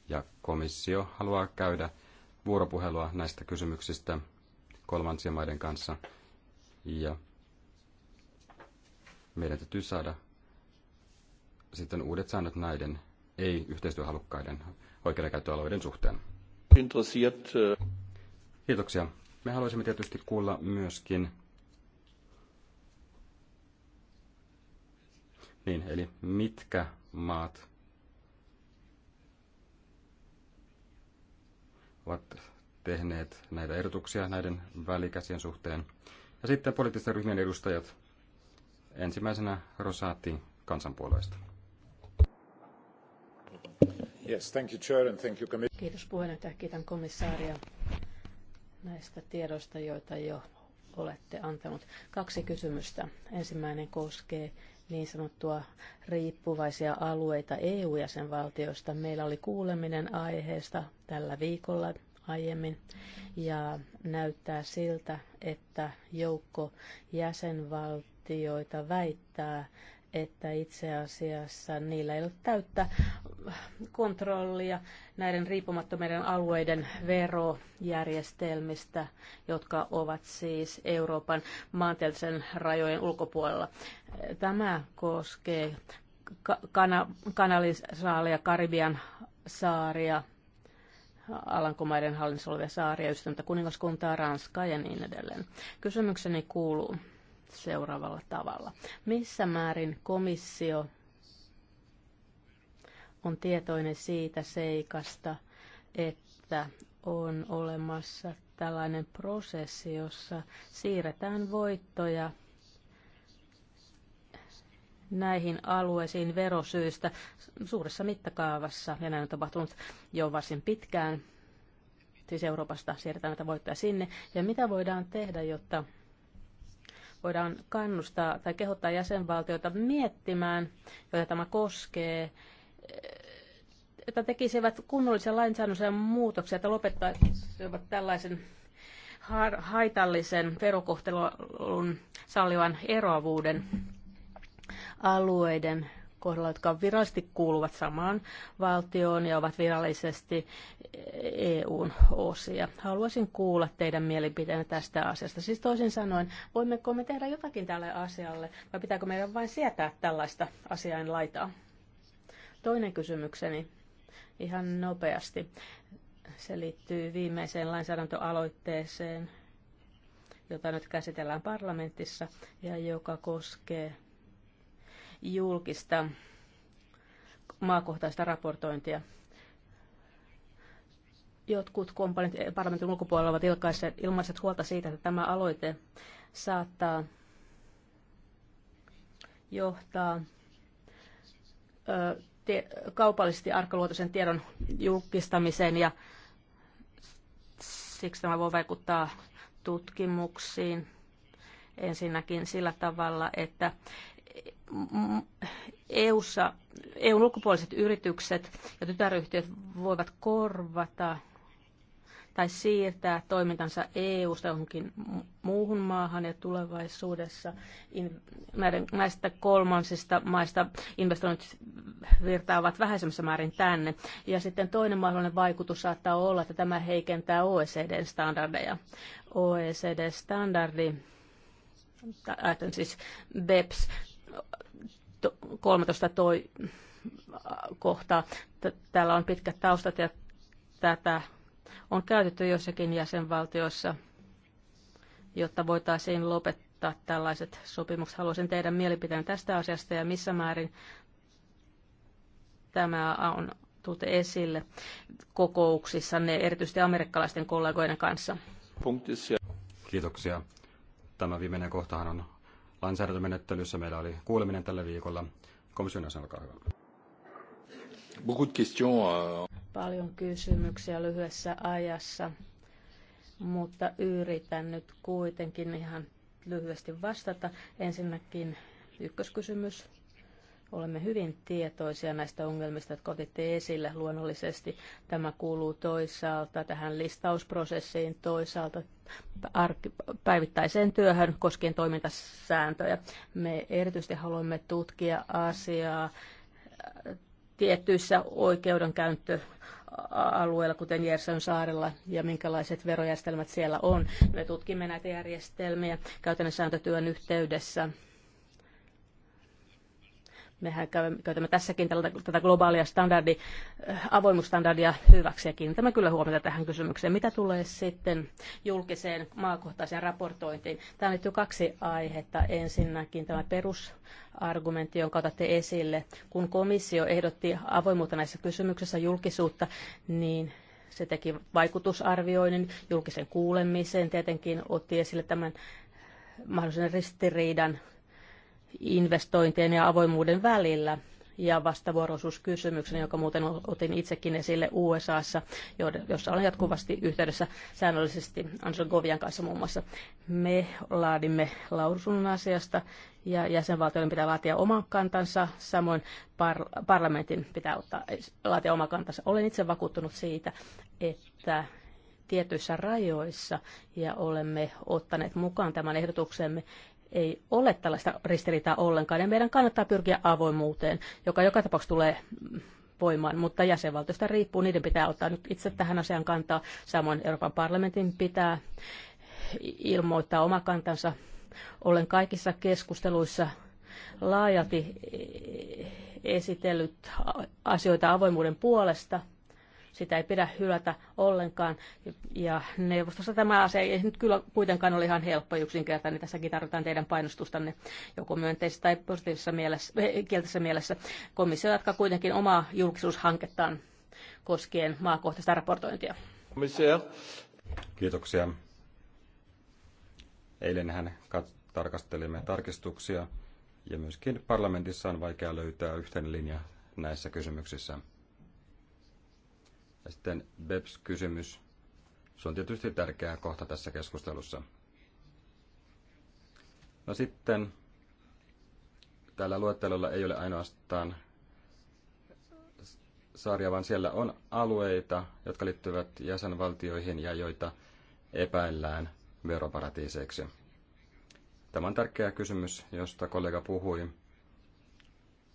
ja komissio haluaa käydä vuoropuhelua näistä kysymyksistä kolmansien maiden kanssa ja meidän täytyy saada sitten uudet säännöt näiden ei-yhteistyöhalukkaiden oikeudenkäyttöalueiden suhteen. Äh, Kiitoksia. Me haluaisimme tietysti kuulla myöskin, niin, eli mitkä maat ovat tehneet näitä ehdotuksia näiden välikäsien suhteen. Ja sitten poliittisten ryhmien edustajat. Ensimmäisenä Rosati kansanpuolueesta. Yes, thank you, Chair, and thank you, Kiitos puheenjohtaja, kiitän komissaaria näistä tiedoista, joita jo olette antanut. Kaksi kysymystä. Ensimmäinen koskee niin sanottua riippuvaisia alueita EU-jäsenvaltioista. Meillä oli kuuleminen aiheesta tällä viikolla aiemmin ja näyttää siltä, että joukko jäsenvaltioita väittää, että itse asiassa niillä ei ole täyttä kontrollia näiden riippumattomien alueiden verojärjestelmistä, jotka ovat siis Euroopan maantieteellisen rajojen ulkopuolella. Tämä koskee kana- kanalisaalia, Karibian saaria, Alankomaiden hallinnassa olevia saaria, ystäväntä kuningaskuntaa, Ranskaa ja niin edelleen. Kysymykseni kuuluu seuraavalla tavalla. Missä määrin komissio on tietoinen siitä seikasta, että on olemassa tällainen prosessi, jossa siirretään voittoja näihin alueisiin verosyistä suuressa mittakaavassa, ja näin on tapahtunut jo varsin pitkään, siis Euroopasta siirretään näitä voittoja sinne, ja mitä voidaan tehdä, jotta voidaan kannustaa tai kehottaa jäsenvaltioita miettimään, joita tämä koskee, että tekisivät kunnollisia lainsäädännöllisiä muutoksia, että lopettaisivat tällaisen haitallisen verokohtelun sallivan eroavuuden alueiden kohdalla, jotka virallisesti kuuluvat samaan valtioon ja ovat virallisesti EUn osia. Haluaisin kuulla teidän mielipiteenne tästä asiasta. Siis toisin sanoen, voimmeko me tehdä jotakin tälle asialle vai pitääkö meidän vain sietää tällaista asiain laitaa? Toinen kysymykseni ihan nopeasti. Se liittyy viimeiseen lainsäädäntöaloitteeseen, jota nyt käsitellään parlamentissa ja joka koskee julkista maakohtaista raportointia. Jotkut komponentit parlamentin ulkopuolella ovat ilmaiset huolta siitä, että tämä aloite saattaa johtaa ö, kaupallisesti arkaluotoisen tiedon julkistamiseen ja siksi tämä voi vaikuttaa tutkimuksiin ensinnäkin sillä tavalla, että EU-ssa, EUn ulkopuoliset yritykset ja tytäryhtiöt voivat korvata tai siirtää toimintansa EU-sta johonkin muuhun maahan ja tulevaisuudessa in, näistä kolmansista maista investoinnit virtaavat vähäisemmässä määrin tänne. Ja sitten toinen mahdollinen vaikutus saattaa olla, että tämä heikentää OECDn standardeja. OECD-standardi, ajattelen siis BEPS, 13 toi kohtaa. Täällä on pitkät taustat ja tätä on käytetty jossakin jäsenvaltioissa, jotta voitaisiin lopettaa tällaiset sopimukset. Haluaisin teidän mielipiteen tästä asiasta ja missä määrin tämä on tullut esille kokouksissa, ne erityisesti amerikkalaisten kollegoiden kanssa. Kiitoksia. Tämä viimeinen kohtahan on lainsäädäntömenettelyssä. Meillä oli kuuleminen tällä viikolla. Komission jäsen, olkaa hyvä. Beaucoup de questions. Euh, Paljon kysymyksiä lyhyessä ajassa, mutta yritän nyt kuitenkin ihan lyhyesti vastata. Ensinnäkin ykköskysymys. Olemme hyvin tietoisia näistä ongelmista, jotka otitte esille. Luonnollisesti tämä kuuluu toisaalta tähän listausprosessiin, toisaalta päivittäiseen työhön koskien toimintasääntöjä. Me erityisesti haluamme tutkia asiaa tiettyissä oikeudenkäyttöalueilla, kuten Jersön saarella, ja minkälaiset verojärjestelmät siellä on. Me tutkimme näitä järjestelmiä käytännössä sääntötyön yhteydessä Mehän käytämme tässäkin tätä globaalia standardi, äh, avoimuusstandardia hyväksi ja kiinnitämme kyllä huomiota tähän kysymykseen. Mitä tulee sitten julkiseen maakohtaiseen raportointiin? Tämä liittyy kaksi aihetta. Ensinnäkin tämä perusargumentti, jonka otatte esille. Kun komissio ehdotti avoimuutta näissä kysymyksissä julkisuutta, niin se teki vaikutusarvioinnin, julkisen kuulemisen, tietenkin otti esille tämän mahdollisen ristiriidan investointien ja avoimuuden välillä ja vastavuoroisuuskysymyksen, joka muuten otin itsekin esille USAssa, jossa olen jatkuvasti yhteydessä säännöllisesti Angel Govian kanssa muun muassa. Me laadimme lausunnon asiasta ja jäsenvaltioiden pitää laatia oma kantansa, samoin par- parlamentin pitää ottaa, laatia oma kantansa. Olen itse vakuuttunut siitä, että tietyissä rajoissa ja olemme ottaneet mukaan tämän ehdotuksemme, ei ole tällaista ristiriitaa ollenkaan, ja meidän kannattaa pyrkiä avoimuuteen, joka joka tapauksessa tulee voimaan, mutta jäsenvaltiosta riippuu, niiden pitää ottaa nyt itse tähän asiaan kantaa. Samoin Euroopan parlamentin pitää ilmoittaa oma kantansa. Olen kaikissa keskusteluissa laajalti esitellyt asioita avoimuuden puolesta – sitä ei pidä hylätä ollenkaan. Ja neuvostossa tämä asia ei nyt kyllä kuitenkaan ole ihan helppo yksinkertainen. Niin tässäkin tarvitaan teidän painostustanne joko myönteisessä tai positiivisessa mielessä, eh, kielteisessä mielessä. Komissio jatkaa kuitenkin omaa julkisuushankettaan koskien maakohtaista raportointia. Kiitoksia. Eilenhän tarkastelimme tarkistuksia ja myöskin parlamentissa on vaikea löytää yhteinen linja näissä kysymyksissä. Ja sitten BEPS-kysymys. Se on tietysti tärkeä kohta tässä keskustelussa. No sitten tällä luettelolla ei ole ainoastaan sarja, vaan siellä on alueita, jotka liittyvät jäsenvaltioihin ja joita epäillään veroparatiiseiksi. Tämä on tärkeä kysymys, josta kollega puhui,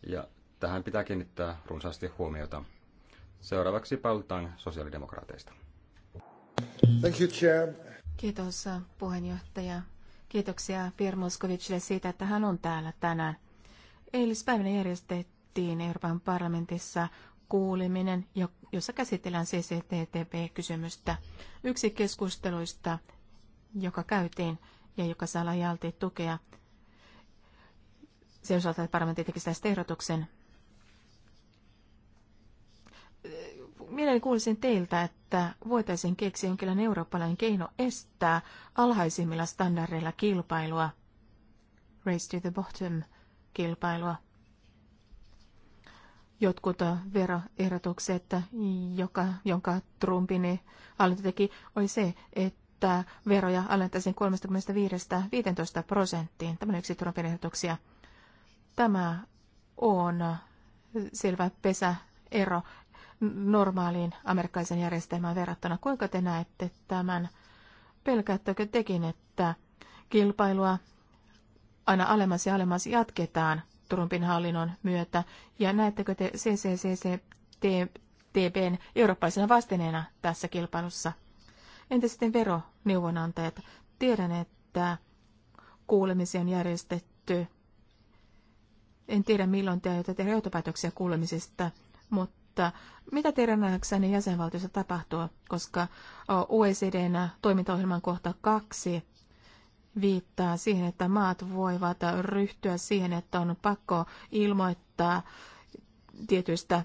ja tähän pitää kiinnittää runsaasti huomiota. Seuraavaksi Paul sosiaalidemokraateista. Thank you, Chair. Kiitos äh, puheenjohtaja. Kiitoksia Pierre Moskovicille siitä, että hän on täällä tänään. Eilispäivänä järjestettiin Euroopan parlamentissa kuuleminen, jossa käsitellään CCTTP-kysymystä. Yksi keskusteluista, joka käytiin ja joka saa laajalti tukea, sen osalta, että parlamentti teki tästä ehdotuksen, Mielelläni kuulisin teiltä, että voitaisiin keksiä jonkinlainen eurooppalainen keino estää alhaisimmilla standardeilla kilpailua, race to the bottom kilpailua. Jotkut veroehdotukset, joka, jonka Trumpin hallinto teki, oli se, että veroja alentaisiin 35-15 prosenttiin. Tämä on yksi Trumpin ehdotuksia. Tämä on selvä pesäero normaaliin amerikkalaisen järjestelmään verrattuna. Kuinka te näette tämän? Pelkäättekö tekin, että kilpailua aina alemmas ja alemmas jatketaan Trumpin hallinnon myötä? Ja näettekö te CCCTBn eurooppaisena vastineena tässä kilpailussa? Entä sitten veroneuvonantajat? Tiedän, että kuulemisia on järjestetty. En tiedä, milloin te aiotte tehdä johtopäätöksiä kuulemisesta, mutta mutta mitä teidän nähdäksenne jäsenvaltiossa tapahtuu, koska OECDn toimintaohjelman kohta kaksi viittaa siihen, että maat voivat ryhtyä siihen, että on pakko ilmoittaa tietyistä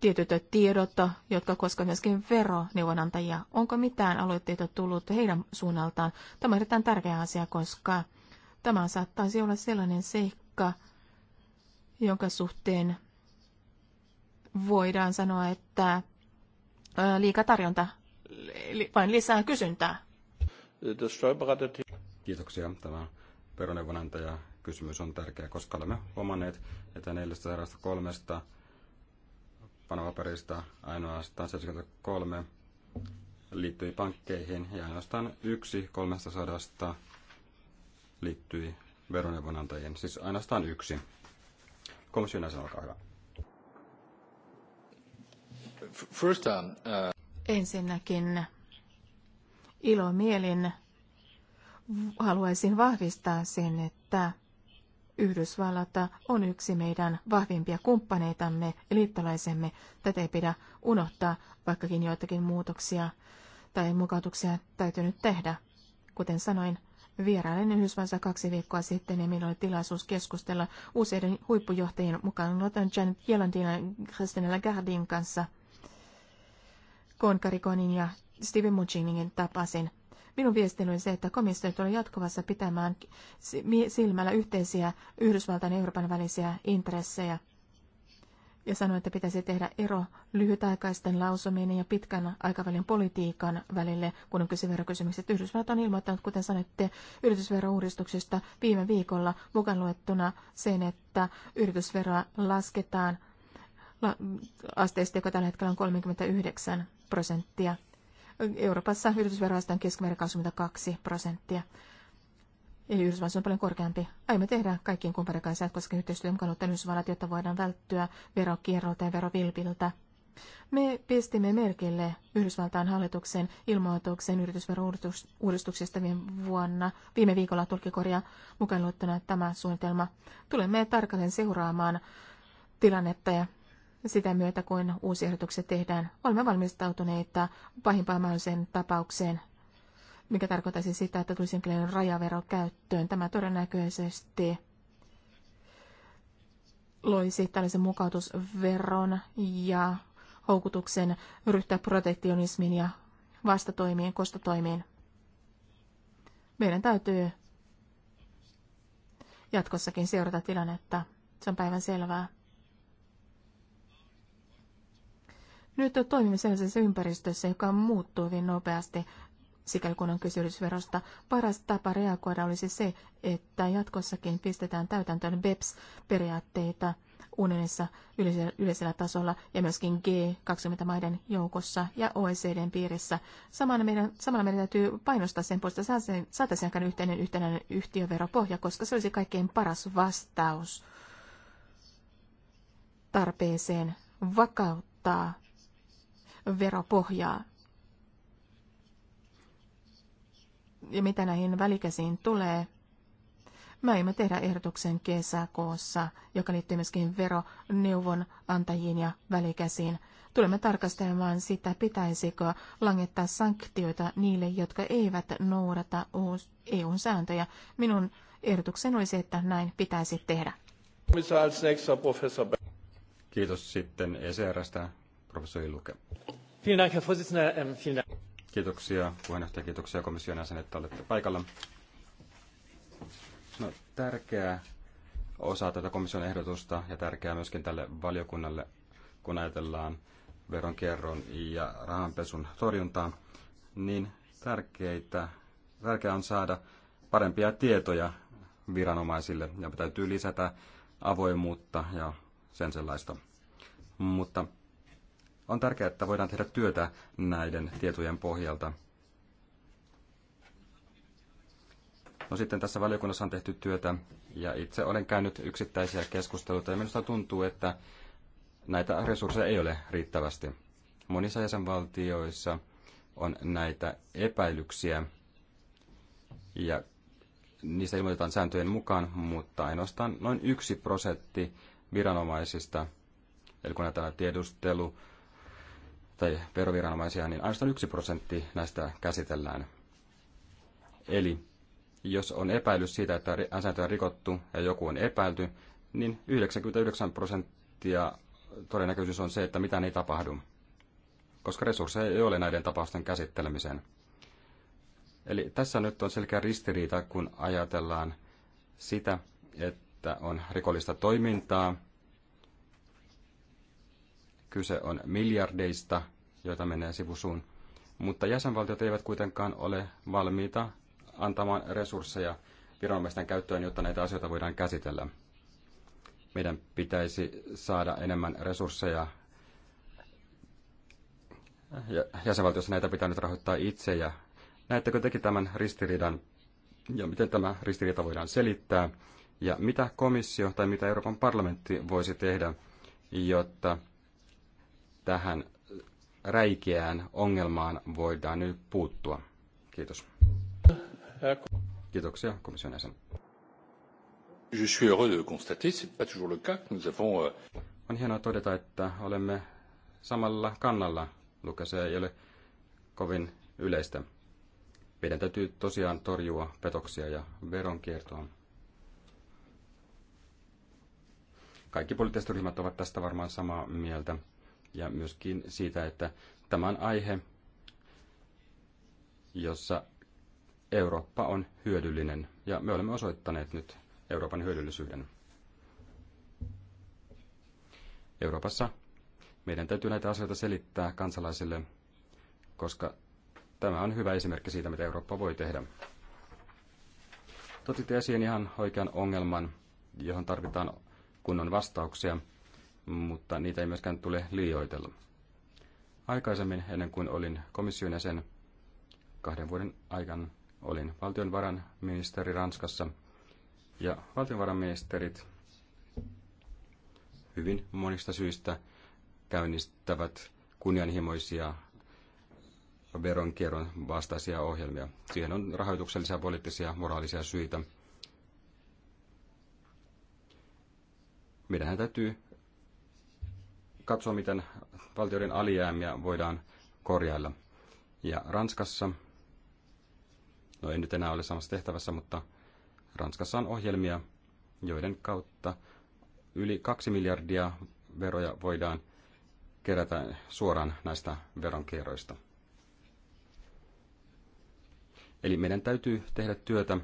tietyt tiedot, jotka koskevat myöskin veroneuvonantajia. Onko mitään aloitteita tullut heidän suunnaltaan? Tämä on erittäin tärkeä asia, koska tämä saattaisi olla sellainen seikka, jonka suhteen voidaan sanoa, että liikatarjonta vain lisää kysyntää. Kiitoksia. Tämä peroneuvonantaja kysymys on tärkeä, koska olemme huomanneet, että 403 panopaperista ainoastaan 73 liittyi pankkeihin ja ainoastaan yksi 300 liittyi veroneuvonantajien, siis ainoastaan yksi. Komissiona, olkaa hyvä. First, um, uh... Ensinnäkin ilomielin haluaisin vahvistaa sen, että Yhdysvallat on yksi meidän vahvimpia kumppaneitamme liittolaisemme. Tätä ei pidä unohtaa, vaikkakin joitakin muutoksia tai mukautuksia täytyy nyt tehdä. Kuten sanoin, vierailin Yhdysvallassa kaksi viikkoa sitten ja meillä oli tilaisuus keskustella useiden huippujohtajien mukaan luotan Janet Yellandin ja Christine Gardin kanssa – Kon Karikonin ja Steven Muchiningin tapasin. Minun viestini oli se, että komissio tulee jatkuvassa pitämään silmällä yhteisiä Yhdysvaltain ja Euroopan välisiä intressejä. Ja sanoi, että pitäisi tehdä ero lyhytaikaisten lausumien ja pitkän aikavälin politiikan välille, kun on kyse verokysymykset. Yhdysvallat on ilmoittanut, kuten sanoitte, yritysverouudistuksesta viime viikolla mukaan luettuna sen, että yritysveroa lasketaan – asteista, joka tällä hetkellä on 39 prosenttia. Euroopassa yritysveroaste on keskimäärin 22 prosenttia. Eli Yhdysvallat on paljon korkeampi. Aiomme tehdä kaikkien kumppanikanssa koska yhteistyön mukaan Yhdysvallat, jotta voidaan välttyä verokierrolta ja verovilpiltä. Me pistimme merkille Yhdysvaltain hallituksen ilmoituksen yritysverouudistuksesta viime, vuonna, viime viikolla tulkikorja mukaan luettuna tämä suunnitelma. Tulemme tarkalleen seuraamaan tilannetta ja sitä myötä, kun uusi ehdotukset tehdään. Olemme valmistautuneita pahimpaan mahdolliseen tapaukseen, mikä tarkoittaisi sitä, että tulisi jonkinlainen rajavero käyttöön. Tämä todennäköisesti loisi tällaisen mukautusveron ja houkutuksen ryhtyä protektionismin ja vastatoimiin, kostotoimiin. Meidän täytyy jatkossakin seurata tilannetta. Se on päivän selvää. Nyt toimimme sellaisessa ympäristössä, joka muuttuu hyvin nopeasti sikäli kun on kysymysverosta. Paras tapa reagoida olisi se, että jatkossakin pistetään täytäntöön BEPS-periaatteita unionissa yleisellä, yleisellä tasolla ja myöskin G20-maiden joukossa ja OECDn piirissä. Samalla meidän, samalla meidän täytyy painostaa sen puolesta saataisiin yhteinen yhtenäinen yhtiöveropohja, koska se olisi kaikkein paras vastaus tarpeeseen vakauttaa veropohjaa. Ja mitä näihin välikäsiin tulee, me aimme tehdä ehdotuksen kesäkuussa, joka liittyy myöskin veroneuvon antajiin ja välikäsiin. Tulemme tarkastelemaan sitä, pitäisikö langettaa sanktioita niille, jotka eivät noudata eu sääntöjä. Minun ehdotukseni olisi, että näin pitäisi tehdä. Kiitos sitten ECRstä professori Luke. Ähm, kiitoksia puheenjohtaja, kiitoksia komission jäsenet, että olette paikalla. No, tärkeä osa tätä komission ehdotusta ja tärkeää myöskin tälle valiokunnalle, kun ajatellaan veronkierron ja rahanpesun torjuntaa, niin tärkeitä, tärkeää on saada parempia tietoja viranomaisille ja täytyy lisätä avoimuutta ja sen sellaista. Mutta on tärkeää, että voidaan tehdä työtä näiden tietojen pohjalta. No sitten tässä valiokunnassa on tehty työtä ja itse olen käynyt yksittäisiä keskusteluita ja minusta tuntuu, että näitä resursseja ei ole riittävästi. Monissa jäsenvaltioissa on näitä epäilyksiä ja niistä ilmoitetaan sääntöjen mukaan, mutta ainoastaan noin yksi prosentti viranomaisista, eli kun näitä tiedustelu, tai veroviranomaisia, niin ainoastaan yksi prosentti näistä käsitellään. Eli jos on epäilys siitä, että sääntöä on rikottu ja joku on epäilty, niin 99 prosenttia todennäköisyys on se, että mitään ei tapahdu, koska resursseja ei ole näiden tapausten käsittelemiseen. Eli tässä nyt on selkeä ristiriita, kun ajatellaan sitä, että on rikollista toimintaa, Kyse on miljardeista, joita menee sivusuun. Mutta jäsenvaltiot eivät kuitenkaan ole valmiita antamaan resursseja viranomaisten käyttöön, jotta näitä asioita voidaan käsitellä. Meidän pitäisi saada enemmän resursseja. Jäsenvaltiossa näitä pitää nyt rahoittaa itse. Ja näettekö tekin tämän ristiriidan ja miten tämä ristiriita voidaan selittää? Ja mitä komissio tai mitä Euroopan parlamentti voisi tehdä, jotta tähän räikeään ongelmaan voidaan nyt puuttua. Kiitos. Kiitoksia komission jäsen. Je suis heureux de constater, c'est pas toujours le cas, nous avons... Euh, On hienoa todeta, että olemme samalla kannalla. Lukas ei ole kovin yleistä. Meidän täytyy tosiaan torjua petoksia ja veronkiertoa. Kaikki poliittiset ryhmät ovat tästä varmaan samaa mieltä ja myöskin siitä, että tämä on aihe, jossa Eurooppa on hyödyllinen ja me olemme osoittaneet nyt Euroopan hyödyllisyyden. Euroopassa meidän täytyy näitä asioita selittää kansalaisille, koska tämä on hyvä esimerkki siitä, mitä Eurooppa voi tehdä. Totitte esiin ihan oikean ongelman, johon tarvitaan kunnon vastauksia – mutta niitä ei myöskään tule liioitella. Aikaisemmin, ennen kuin olin komission jäsen, kahden vuoden aikana olin valtionvarainministeri Ranskassa, ja valtionvarainministerit hyvin monista syistä käynnistävät kunnianhimoisia veronkierron vastaisia ohjelmia. Siihen on rahoituksellisia, poliittisia ja moraalisia syitä. Meidän täytyy katsoa, miten valtioiden alijäämiä voidaan korjailla. Ja Ranskassa, no ei nyt enää ole samassa tehtävässä, mutta Ranskassa on ohjelmia, joiden kautta yli 2 miljardia veroja voidaan kerätä suoraan näistä veronkierroista. Eli meidän täytyy tehdä työtä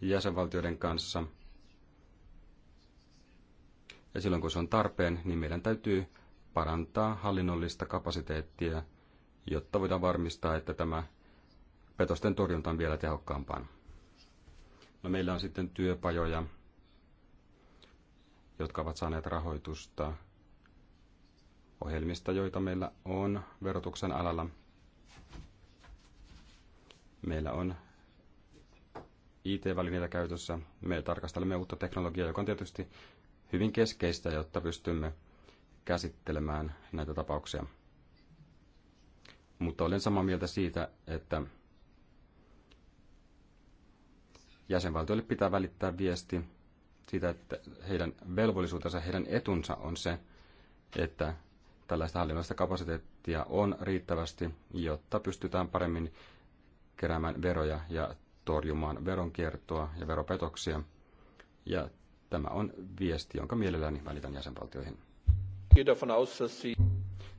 jäsenvaltioiden kanssa – ja silloin kun se on tarpeen, niin meidän täytyy parantaa hallinnollista kapasiteettia, jotta voidaan varmistaa, että tämä petosten torjunta on vielä tehokkaampaa. No, meillä on sitten työpajoja, jotka ovat saaneet rahoitusta ohjelmista, joita meillä on verotuksen alalla. Meillä on IT-välineitä käytössä. Me tarkastelemme uutta teknologiaa, joka on tietysti hyvin keskeistä, jotta pystymme käsittelemään näitä tapauksia. Mutta olen samaa mieltä siitä, että jäsenvaltioille pitää välittää viesti siitä, että heidän velvollisuutensa, heidän etunsa on se, että tällaista hallinnollista kapasiteettia on riittävästi, jotta pystytään paremmin keräämään veroja ja torjumaan veronkiertoa ja veropetoksia. Ja Tämä on viesti, jonka mielelläni välitän jäsenvaltioihin.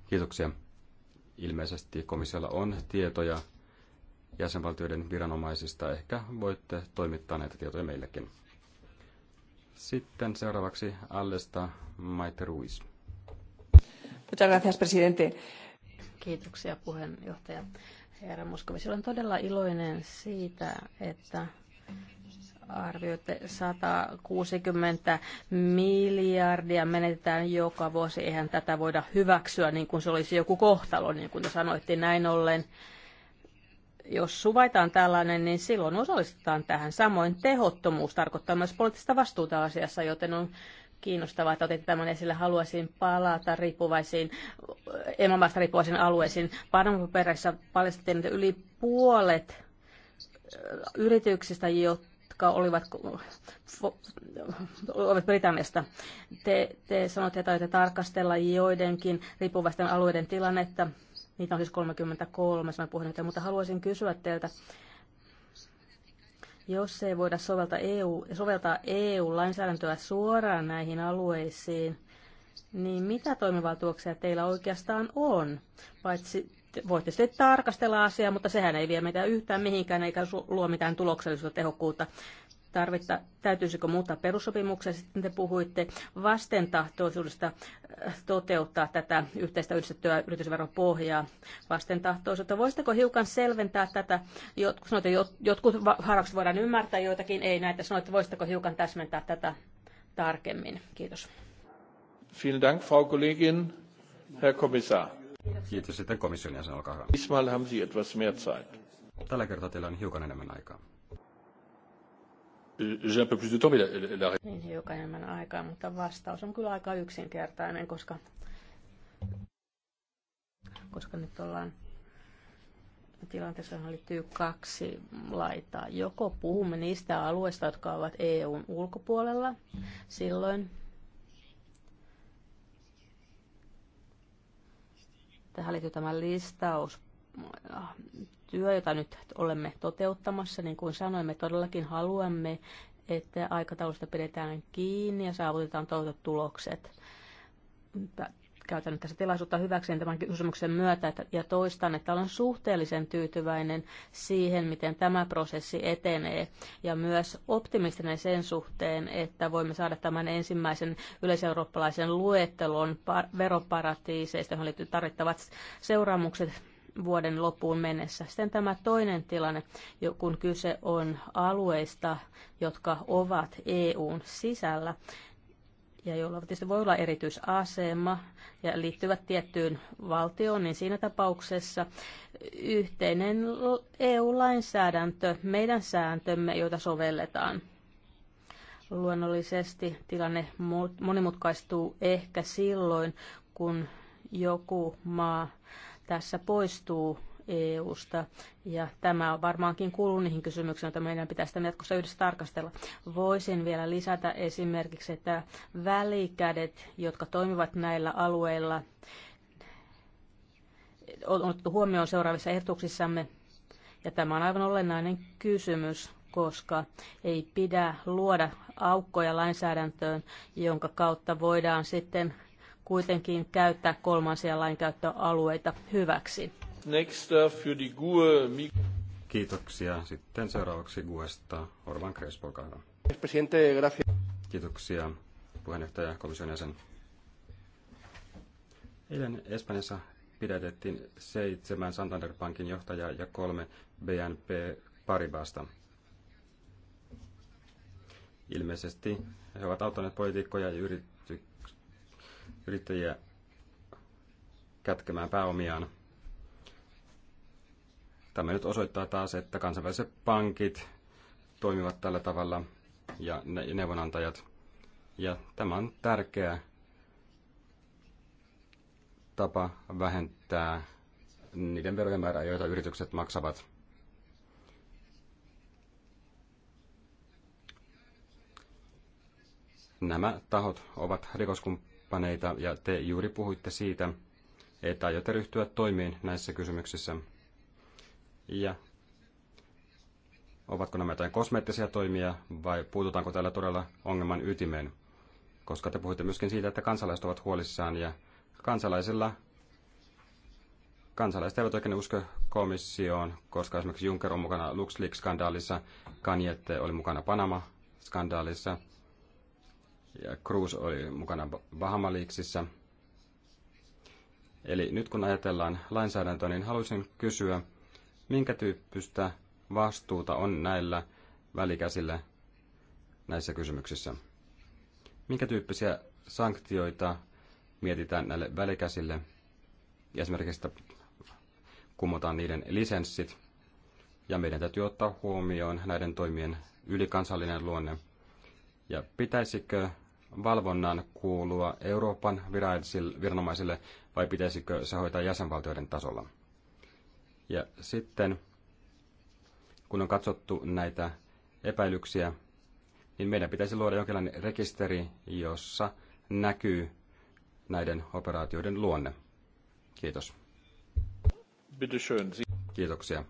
Kiitoksia. Ilmeisesti komissiolla on tietoja jäsenvaltioiden viranomaisista. Ehkä voitte toimittaa näitä tietoja meillekin. Sitten seuraavaksi Allesta Maite Ruiz. Kiitoksia puheenjohtaja. Herra Moskovis, olen todella iloinen siitä, että arvioitte 160 miljardia menetetään joka vuosi. Eihän tätä voida hyväksyä niin kuin se olisi joku kohtalo, niin kuin te sanoitte näin ollen. Jos suvaitaan tällainen, niin silloin osallistetaan tähän. Samoin tehottomuus tarkoittaa myös poliittista vastuuta asiassa, joten on kiinnostavaa, että otettiin tämän esille. Haluaisin palata riippuvaisiin, emämaasta riippuvaisiin alueisiin. Panamaperässä paljastettiin, että yli puolet yrityksistä, jotka jotka olivat, olivat Britanniasta. Te, te sanotte, että aiotte tarkastella joidenkin riippuvaisten alueiden tilannetta. Niitä on siis 33, mä puhun nyt, mutta haluaisin kysyä teiltä, jos ei voida soveltaa, EU, soveltaa EU-lainsäädäntöä suoraan näihin alueisiin, niin mitä toimivaltuuksia teillä oikeastaan on, paitsi voitte sitten tarkastella asiaa, mutta sehän ei vie meitä yhtään mihinkään eikä luo mitään tuloksellisuutta tehokkuutta. Tarvitta, täytyisikö muuttaa perussopimuksia, sitten te puhuitte vastentahtoisuudesta äh, toteuttaa tätä yhteistä yhdistettyä yritysveropohjaa vastentahtoisuutta. Voisitteko hiukan selventää tätä? Jotkut, sanoitte, jotkut varaukset voidaan ymmärtää, joitakin ei näitä. Sanoitte, voisitteko hiukan täsmentää tätä tarkemmin? Kiitos. Vielen Dank, Frau Kollegin, Herr Kommissar. Kiitos sitten komission jäsen, olkaa hyvä. haben Sie etwas mehr Zeit. Tällä kertaa teillä on hiukan enemmän aikaa. J'ai un peu plus de temps, la, Niin, hiukan enemmän aikaa, mutta vastaus on kyllä aika yksinkertainen, koska, koska nyt ollaan tilanteessa, johon liittyy kaksi laitaa. Joko puhumme niistä alueista, jotka ovat EUn ulkopuolella, silloin Tähän liittyy tämä listaus työ, jota nyt olemme toteuttamassa. Niin kuin sanoimme, todellakin haluamme, että aikataulusta pidetään kiinni ja saavutetaan toivotut tulokset käytän tässä tilaisuutta hyväkseni tämän kysymyksen myötä ja toistan, että olen suhteellisen tyytyväinen siihen, miten tämä prosessi etenee ja myös optimistinen sen suhteen, että voimme saada tämän ensimmäisen yleiseurooppalaisen luettelon veroparatiiseista, johon liittyy tarvittavat seuraamukset vuoden loppuun mennessä. Sitten tämä toinen tilanne, kun kyse on alueista, jotka ovat EUn sisällä, ja joilla tietysti voi olla erityisasema ja liittyvät tiettyyn valtioon, niin siinä tapauksessa yhteinen EU-lainsäädäntö, meidän sääntömme, joita sovelletaan. Luonnollisesti tilanne monimutkaistuu ehkä silloin, kun joku maa tässä poistuu EUsta. Ja tämä on varmaankin kuuluu niihin kysymyksiin, joita meidän pitäisi tämän jatkossa yhdessä tarkastella. Voisin vielä lisätä esimerkiksi, että välikädet, jotka toimivat näillä alueilla, on otettu huomioon seuraavissa ehdotuksissamme. Ja tämä on aivan olennainen kysymys, koska ei pidä luoda aukkoja lainsäädäntöön, jonka kautta voidaan sitten kuitenkin käyttää kolmansia lainkäyttöalueita hyväksi für die GUE. Kiitoksia. Sitten seuraavaksi GUEsta Orban Crespo, olkaa Kiitoksia puheenjohtaja komission jäsen. Eilen Espanjassa pidätettiin seitsemän Santander Pankin johtajaa ja kolme BNP Paribasta. Ilmeisesti he ovat auttaneet poliitikkoja ja yrity, yrittäjiä kätkemään pääomiaan Tämä nyt osoittaa taas, että kansainväliset pankit toimivat tällä tavalla ja neuvonantajat. Ja tämä on tärkeä tapa vähentää niiden verojen määrää, joita yritykset maksavat. Nämä tahot ovat rikoskumppaneita ja te juuri puhuitte siitä, että aiotte ryhtyä toimiin näissä kysymyksissä. Ja ovatko nämä jotain kosmeettisia toimia vai puututaanko täällä todella ongelman ytimeen? Koska te puhuitte myöskin siitä, että kansalaiset ovat huolissaan ja kansalaisilla kansalaiset eivät oikein usko komissioon, koska esimerkiksi Juncker on mukana LuxLeaks-skandaalissa, Kanjette oli mukana Panama-skandaalissa ja Cruz oli mukana Bahamaliiksissa. Eli nyt kun ajatellaan lainsäädäntöä, niin haluaisin kysyä, minkä tyyppistä vastuuta on näillä välikäsillä näissä kysymyksissä? Minkä tyyppisiä sanktioita mietitään näille välikäsille? Esimerkiksi, että kumotaan niiden lisenssit. Ja meidän täytyy ottaa huomioon näiden toimien ylikansallinen luonne. Ja pitäisikö valvonnan kuulua Euroopan viranomaisille vai pitäisikö se hoitaa jäsenvaltioiden tasolla? Ja sitten, kun on katsottu näitä epäilyksiä, niin meidän pitäisi luoda jonkinlainen rekisteri, jossa näkyy näiden operaatioiden luonne. Kiitos. Kiitoksia.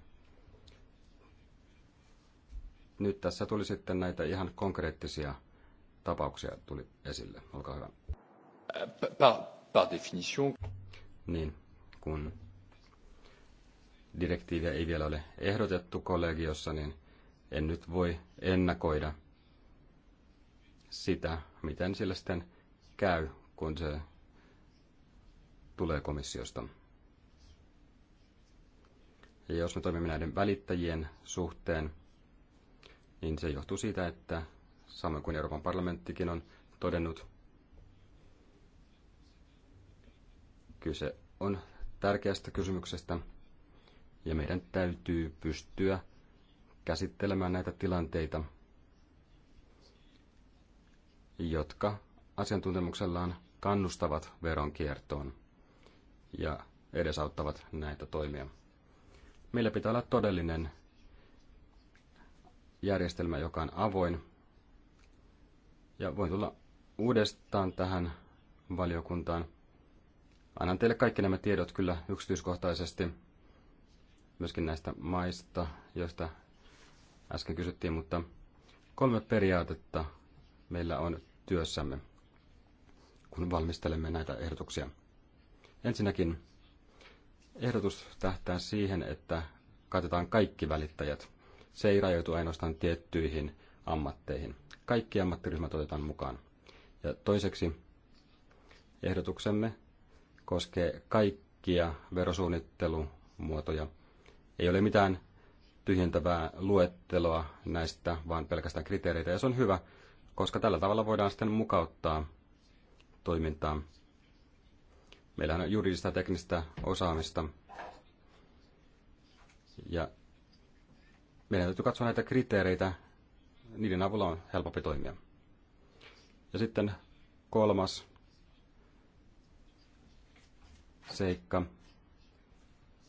Nyt tässä tuli sitten näitä ihan konkreettisia tapauksia tuli esille. Olkaa hyvä. Par, par definition. Niin, kun direktiiviä ei vielä ole ehdotettu kollegiossa, niin en nyt voi ennakoida sitä, miten sillä sitten käy, kun se tulee komissiosta. Ja jos me toimimme näiden välittäjien suhteen, niin se johtuu siitä, että samoin kuin Euroopan parlamenttikin on todennut, kyse on tärkeästä kysymyksestä – ja meidän täytyy pystyä käsittelemään näitä tilanteita, jotka asiantuntemuksellaan kannustavat veronkiertoon ja edesauttavat näitä toimia. Meillä pitää olla todellinen järjestelmä, joka on avoin. Ja voin tulla uudestaan tähän valiokuntaan. Annan teille kaikki nämä tiedot kyllä yksityiskohtaisesti myöskin näistä maista, joista äsken kysyttiin, mutta kolme periaatetta meillä on työssämme, kun valmistelemme näitä ehdotuksia. Ensinnäkin ehdotus tähtää siihen, että katetaan kaikki välittäjät. Se ei rajoitu ainoastaan tiettyihin ammatteihin. Kaikki ammattiryhmät otetaan mukaan. Ja toiseksi ehdotuksemme koskee kaikkia verosuunnittelumuotoja, ei ole mitään tyhjentävää luetteloa näistä, vaan pelkästään kriteereitä, ja se on hyvä, koska tällä tavalla voidaan sitten mukauttaa toimintaa. Meillä on juridista teknistä osaamista, ja meidän täytyy katsoa näitä kriteereitä, niiden avulla on helpompi toimia. Ja sitten kolmas seikka.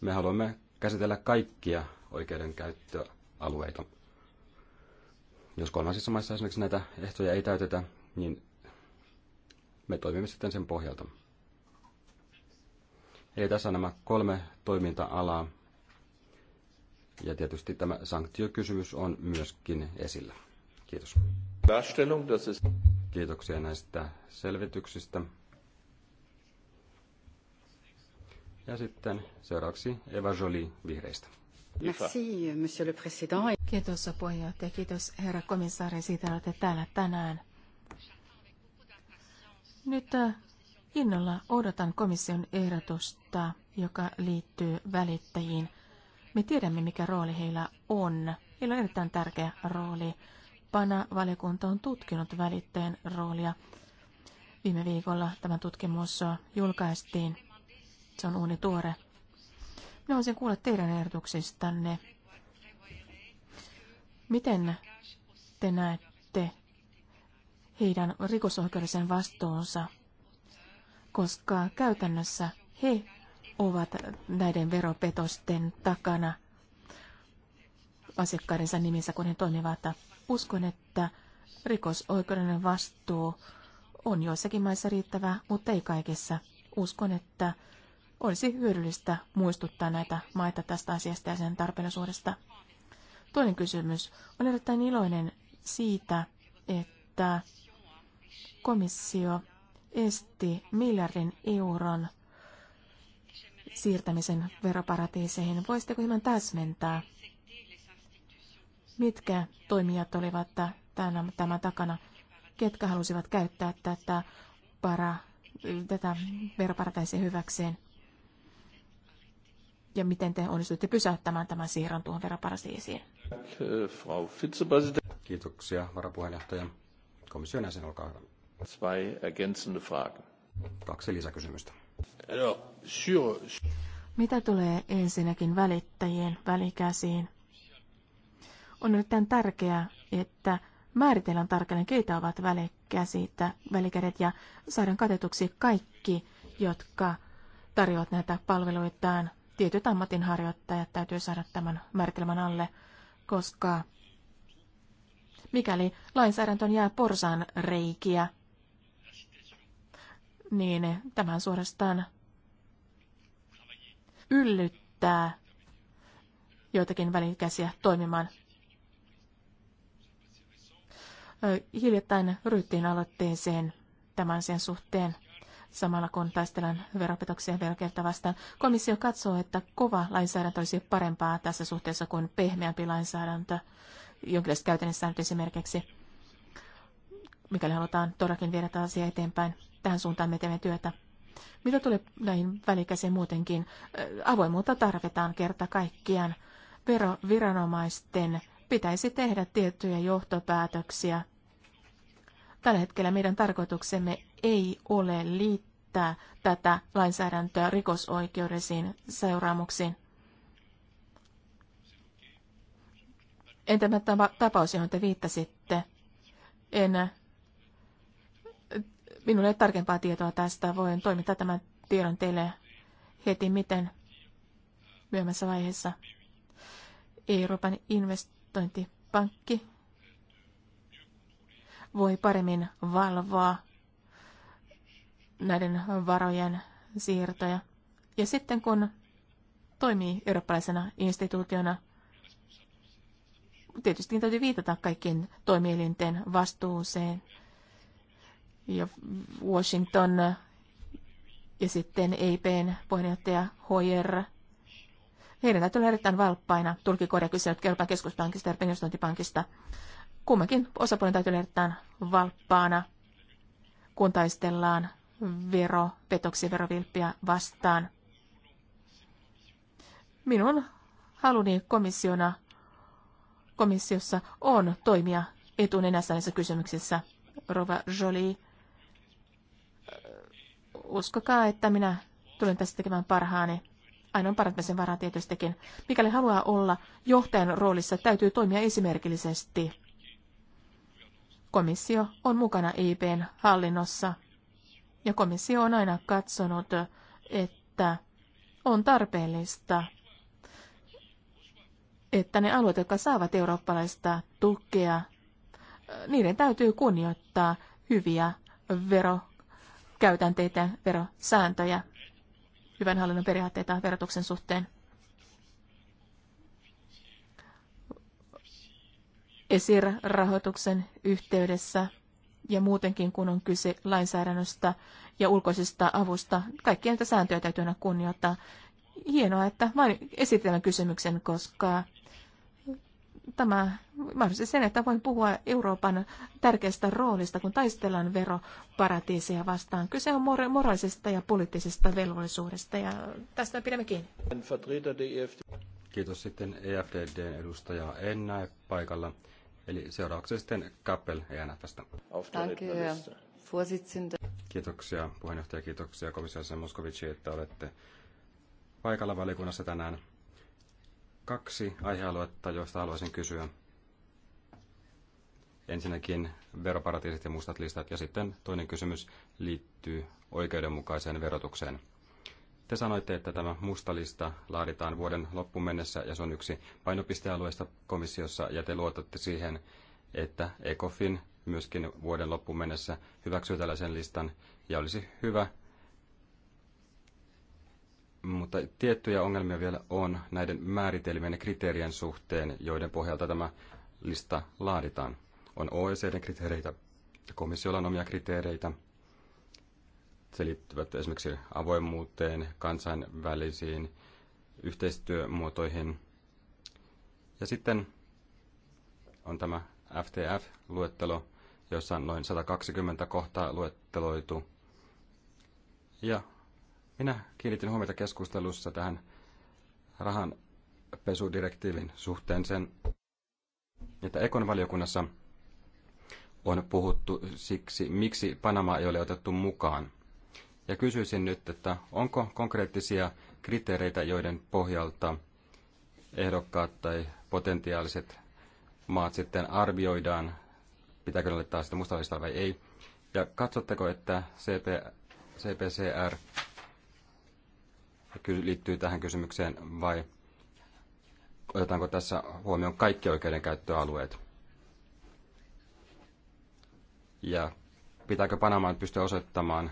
Me haluamme käsitellä kaikkia oikeudenkäyttöalueita. Jos kolmansissa maissa esimerkiksi näitä ehtoja ei täytetä, niin me toimimme sitten sen pohjalta. Eli tässä on nämä kolme toiminta-alaa. Ja tietysti tämä sanktiokysymys on myöskin esillä. Kiitos. Kiitoksia näistä selvityksistä. Ja sitten seuraavaksi Eva Jolie vihreistä. Merci, monsieur le président. Kiitos puheenjohtaja, kiitos herra komissaari siitä, olette täällä tänään. Nyt äh, innolla odotan komission ehdotusta, joka liittyy välittäjiin. Me tiedämme, mikä rooli heillä on. Heillä on erittäin tärkeä rooli. PANA-valiokunta on tutkinut välittäjän roolia. Viime viikolla tämä tutkimus julkaistiin. Se on uuni tuore. Minä voisin kuulla teidän ehdotuksistanne. Miten te näette heidän rikosoikeudellisen vastuunsa? Koska käytännössä he ovat näiden veropetosten takana asiakkaidensa nimissä, kun he toimivat. Uskon, että rikosoikeudellinen vastuu on joissakin maissa riittävää, mutta ei kaikissa. Uskon, että olisi hyödyllistä muistuttaa näitä maita tästä asiasta ja sen tarpeellisuudesta. Toinen kysymys. Olen erittäin iloinen siitä, että komissio esti miljardin euron siirtämisen veroparatiiseihin. Voisitteko hieman täsmentää, mitkä toimijat olivat tämän, tämän takana, ketkä halusivat käyttää tätä, para, tätä veroparatiisia hyväkseen? ja miten te onnistuitte pysäyttämään tämän siirron tuohon veroparasiisiin? Kiitoksia, varapuheenjohtaja. Komission jäsen, olkaa hyvä. Zwei ergänzende Fragen. Kaksi lisäkysymystä. Mitä tulee ensinnäkin välittäjien välikäsiin? On erittäin tärkeää, että määritellään tarkalleen, keitä ovat välikäsit, välikädet ja saadaan katetuksi kaikki, jotka tarjoavat näitä palveluitaan tietyt ammatinharjoittajat täytyy saada tämän määritelmän alle, koska mikäli lainsäädäntöön jää porsaan reikiä, niin tämän suorastaan yllyttää joitakin välikäsiä toimimaan. Hiljattain ryhtiin aloitteeseen tämän sen suhteen samalla kun taistellaan veropetoksia ja vastaan. Komissio katsoo, että kova lainsäädäntö olisi parempaa tässä suhteessa kuin pehmeämpi lainsäädäntö, jonkinlaiset käytännössä esimerkiksi, mikäli halutaan todellakin viedä tätä asiaa eteenpäin. Tähän suuntaan me teemme työtä. Mitä tulee näihin välikäsiin muutenkin? Äh, avoimuutta tarvitaan kerta kaikkiaan. Veroviranomaisten pitäisi tehdä tiettyjä johtopäätöksiä Tällä hetkellä meidän tarkoituksemme ei ole liittää tätä lainsäädäntöä rikosoikeudellisiin seuraamuksiin. Entä tämä tapaus, johon te viittasitte? En, minulle ei tarkempaa tietoa tästä. Voin toimittaa tämän tiedon teille heti miten myöhemmässä vaiheessa. Euroopan investointipankki voi paremmin valvoa näiden varojen siirtoja. Ja sitten kun toimii eurooppalaisena instituutiona, tietysti täytyy viitata kaikkien toimielinten vastuuseen. Ja Washington ja sitten EIPn puheenjohtaja Hoyer. Heidän täytyy olla erittäin valppaina tulkikorja kysynyt Euroopan keskuspankista ja investointipankista. Kummankin osapuolen täytyy olla erittäin valppaana, kun taistellaan Vero veropetoksia, verovilppiä vastaan. Minun haluni komissiona, komissiossa on toimia etunenässä näissä kysymyksissä. Rova Jolie, äh, uskokaa, että minä tulen tästä tekemään parhaani. Ainoan parantamisen varaa tietystikin. Mikäli haluaa olla johtajan roolissa, täytyy toimia esimerkillisesti. Komissio on mukana IPn hallinnossa – ja komissio on aina katsonut, että on tarpeellista, että ne alueet, jotka saavat eurooppalaista tukea, niiden täytyy kunnioittaa hyviä verokäytänteitä, verosääntöjä, hyvän hallinnon periaatteita verotuksen suhteen. ESIR-rahoituksen yhteydessä ja muutenkin, kun on kyse lainsäädännöstä ja ulkoisesta avusta, kaikkia näitä sääntöjä täytyy aina kunnioittaa. Hienoa, että vain esitellään kysymyksen, koska tämä mahdollisesti sen, että voin puhua Euroopan tärkeästä roolista, kun taistellaan veroparatiiseja vastaan. Kyse on mor- moraalisesta ja poliittisesta velvollisuudesta ja tästä pidämme kiinni. E Kiitos sitten EFDD-edustaja. En näe paikalla. Eli seuraavaksi sitten Kappel ENFstä. Kiitoksia puheenjohtaja, kiitoksia komissaari Moskovici, että olette paikalla valikunnassa tänään. Kaksi aihealuetta, joista haluaisin kysyä. Ensinnäkin veroparatiisit ja mustat listat ja sitten toinen kysymys liittyy oikeudenmukaiseen verotukseen – te sanoitte, että tämä musta lista laaditaan vuoden loppuun mennessä ja se on yksi painopistealueista komissiossa ja te luotatte siihen, että ECOFIN myöskin vuoden loppuun mennessä hyväksyy tällaisen listan ja olisi hyvä. Mutta tiettyjä ongelmia vielä on näiden määritelmien ja kriteerien suhteen, joiden pohjalta tämä lista laaditaan. On OECDn kriteereitä, komissiolla on omia kriteereitä – se liittyvät esimerkiksi avoimuuteen, kansainvälisiin yhteistyömuotoihin. Ja sitten on tämä FTF-luettelo, jossa on noin 120 kohtaa luetteloitu. Ja minä kiinnitin huomiota keskustelussa tähän rahan pesudirektiivin suhteen sen, että Ekon valiokunnassa on puhuttu siksi, miksi Panama ei ole otettu mukaan. Ja kysyisin nyt, että onko konkreettisia kriteereitä, joiden pohjalta ehdokkaat tai potentiaaliset maat sitten arvioidaan, pitääkö ne laittaa sitä mustalistaa vai ei. Ja katsotteko, että CP, CPCR liittyy tähän kysymykseen vai otetaanko tässä huomioon kaikki oikeudenkäyttöalueet? Ja pitääkö Panamaan pystyä osoittamaan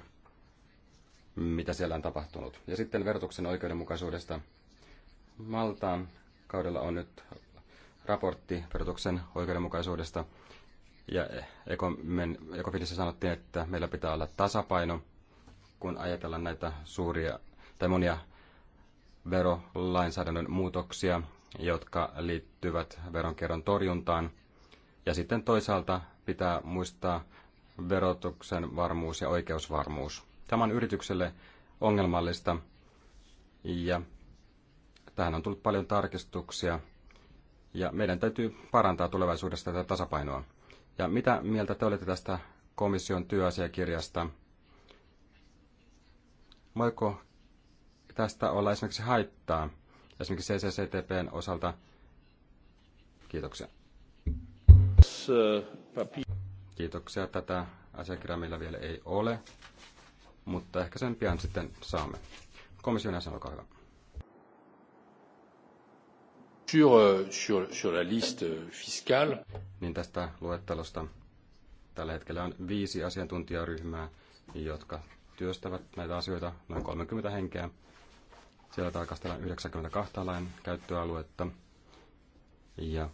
mitä siellä on tapahtunut. Ja sitten verotuksen oikeudenmukaisuudesta. Maltaan kaudella on nyt raportti verotuksen oikeudenmukaisuudesta. Ja Ecofinissä sanottiin, että meillä pitää olla tasapaino, kun ajatellaan näitä suuria tai monia verolainsäädännön muutoksia, jotka liittyvät veronkierron torjuntaan. Ja sitten toisaalta pitää muistaa verotuksen varmuus ja oikeusvarmuus. Tämä on yritykselle ongelmallista ja tähän on tullut paljon tarkistuksia ja meidän täytyy parantaa tulevaisuudessa tätä tasapainoa. Ja mitä mieltä te olette tästä komission työasiakirjasta? Voiko tästä olla esimerkiksi haittaa, esimerkiksi CCCTPn osalta? Kiitoksia. Kiitoksia. Tätä asiakirjaa meillä vielä ei ole mutta ehkä sen pian sitten saamme. Komission jäsen, olkaa hyvä. Sur, sur, sur la liste fiscale. Niin tästä luettelosta tällä hetkellä on viisi asiantuntijaryhmää, jotka työstävät näitä asioita, noin 30 henkeä. Siellä tarkastellaan 92 lain käyttöaluetta. Ja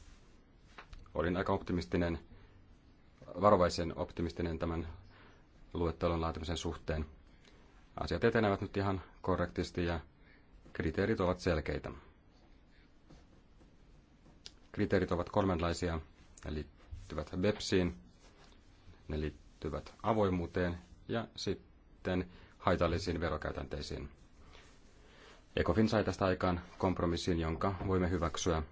olin aika optimistinen, varovaisen optimistinen tämän luettelon laatimisen suhteen asiat etenevät nyt ihan korrektisti ja kriteerit ovat selkeitä. Kriteerit ovat kolmenlaisia. Ne liittyvät BEPSiin, ne liittyvät avoimuuteen ja sitten haitallisiin verokäytänteisiin. ECOFIN sai tästä aikaan kompromissin, jonka voimme hyväksyä.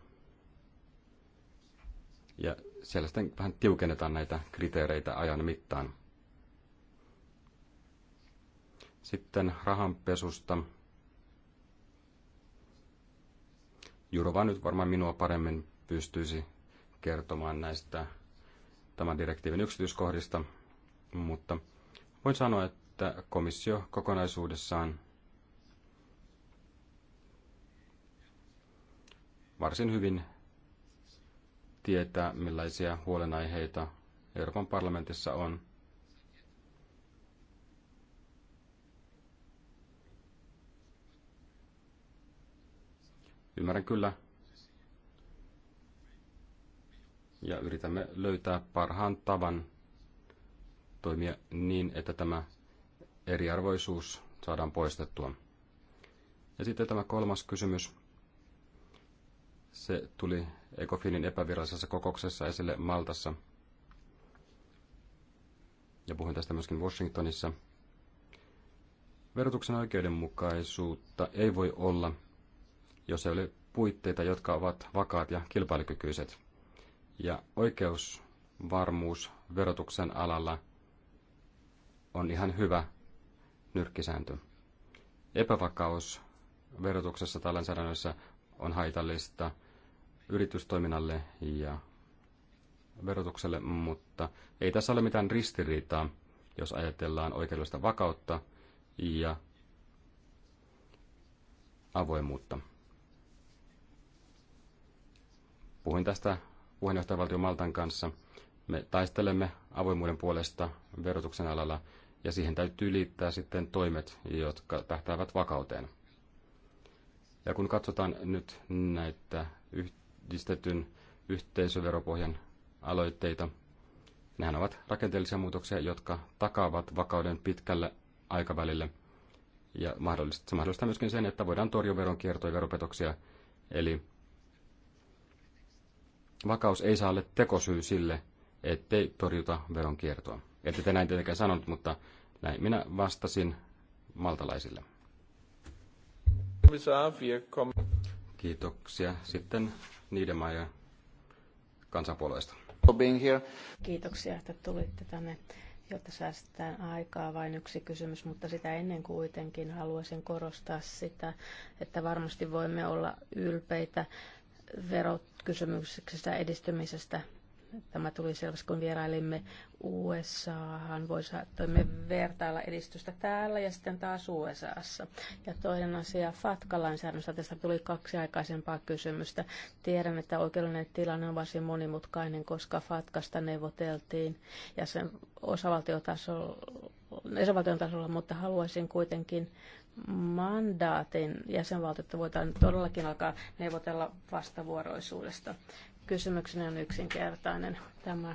Ja siellä sitten vähän tiukennetaan näitä kriteereitä ajan mittaan. Sitten rahanpesusta. Jurova nyt varmaan minua paremmin pystyisi kertomaan näistä tämän direktiivin yksityiskohdista, mutta voin sanoa, että komissio kokonaisuudessaan varsin hyvin tietää, millaisia huolenaiheita Euroopan parlamentissa on Ymmärrän kyllä. Ja yritämme löytää parhaan tavan toimia niin, että tämä eriarvoisuus saadaan poistettua. Ja sitten tämä kolmas kysymys. Se tuli Ecofinin epävirallisessa kokouksessa esille Maltassa. Ja puhuin tästä myöskin Washingtonissa. Verotuksen oikeudenmukaisuutta ei voi olla, jos ei ole puitteita, jotka ovat vakaat ja kilpailukykyiset. Ja oikeusvarmuus verotuksen alalla on ihan hyvä nyrkkisääntö. Epävakaus verotuksessa tai lainsäädännössä on haitallista yritystoiminnalle ja verotukselle, mutta ei tässä ole mitään ristiriitaa, jos ajatellaan oikeudellista vakautta ja avoimuutta. Puhuin tästä puheenjohtajavaltio Maltan kanssa. Me taistelemme avoimuuden puolesta verotuksen alalla ja siihen täytyy liittää sitten toimet, jotka tähtäävät vakauteen. Ja kun katsotaan nyt näitä yhdistetyn yhteisöveropohjan aloitteita, nehän ovat rakenteellisia muutoksia, jotka takaavat vakauden pitkälle aikavälille Ja se mahdollistaa myöskin sen, että voidaan torjua veronkiertoja ja veropetoksia, eli vakaus ei saa olla tekosyy sille, ettei torjuta veronkiertoa. Ette te näin tietenkään sanonut, mutta näin minä vastasin maltalaisille. Kiitoksia. Sitten Niidemaja kansanpuolueesta. Kiitoksia, että tulitte tänne, jotta säästetään aikaa. Vain yksi kysymys, mutta sitä ennen kuitenkin haluaisin korostaa sitä, että varmasti voimme olla ylpeitä verokysymyksestä edistymisestä. Tämä tuli selväksi, kun vierailimme USAhan. Voimme vertailla edistystä täällä ja sitten taas USAssa. Ja toinen asia FATKA-lainsäädännöstä. Tästä tuli kaksi aikaisempaa kysymystä. Tiedän, että oikeudellinen tilanne on varsin monimutkainen, koska FATKasta neuvoteltiin ja sen osavaltiotasolla, osavaltion tasolla, mutta haluaisin kuitenkin mandaatin jäsenvaltiotta voidaan todellakin alkaa neuvotella vastavuoroisuudesta. Kysymykseni on yksinkertainen. Tämä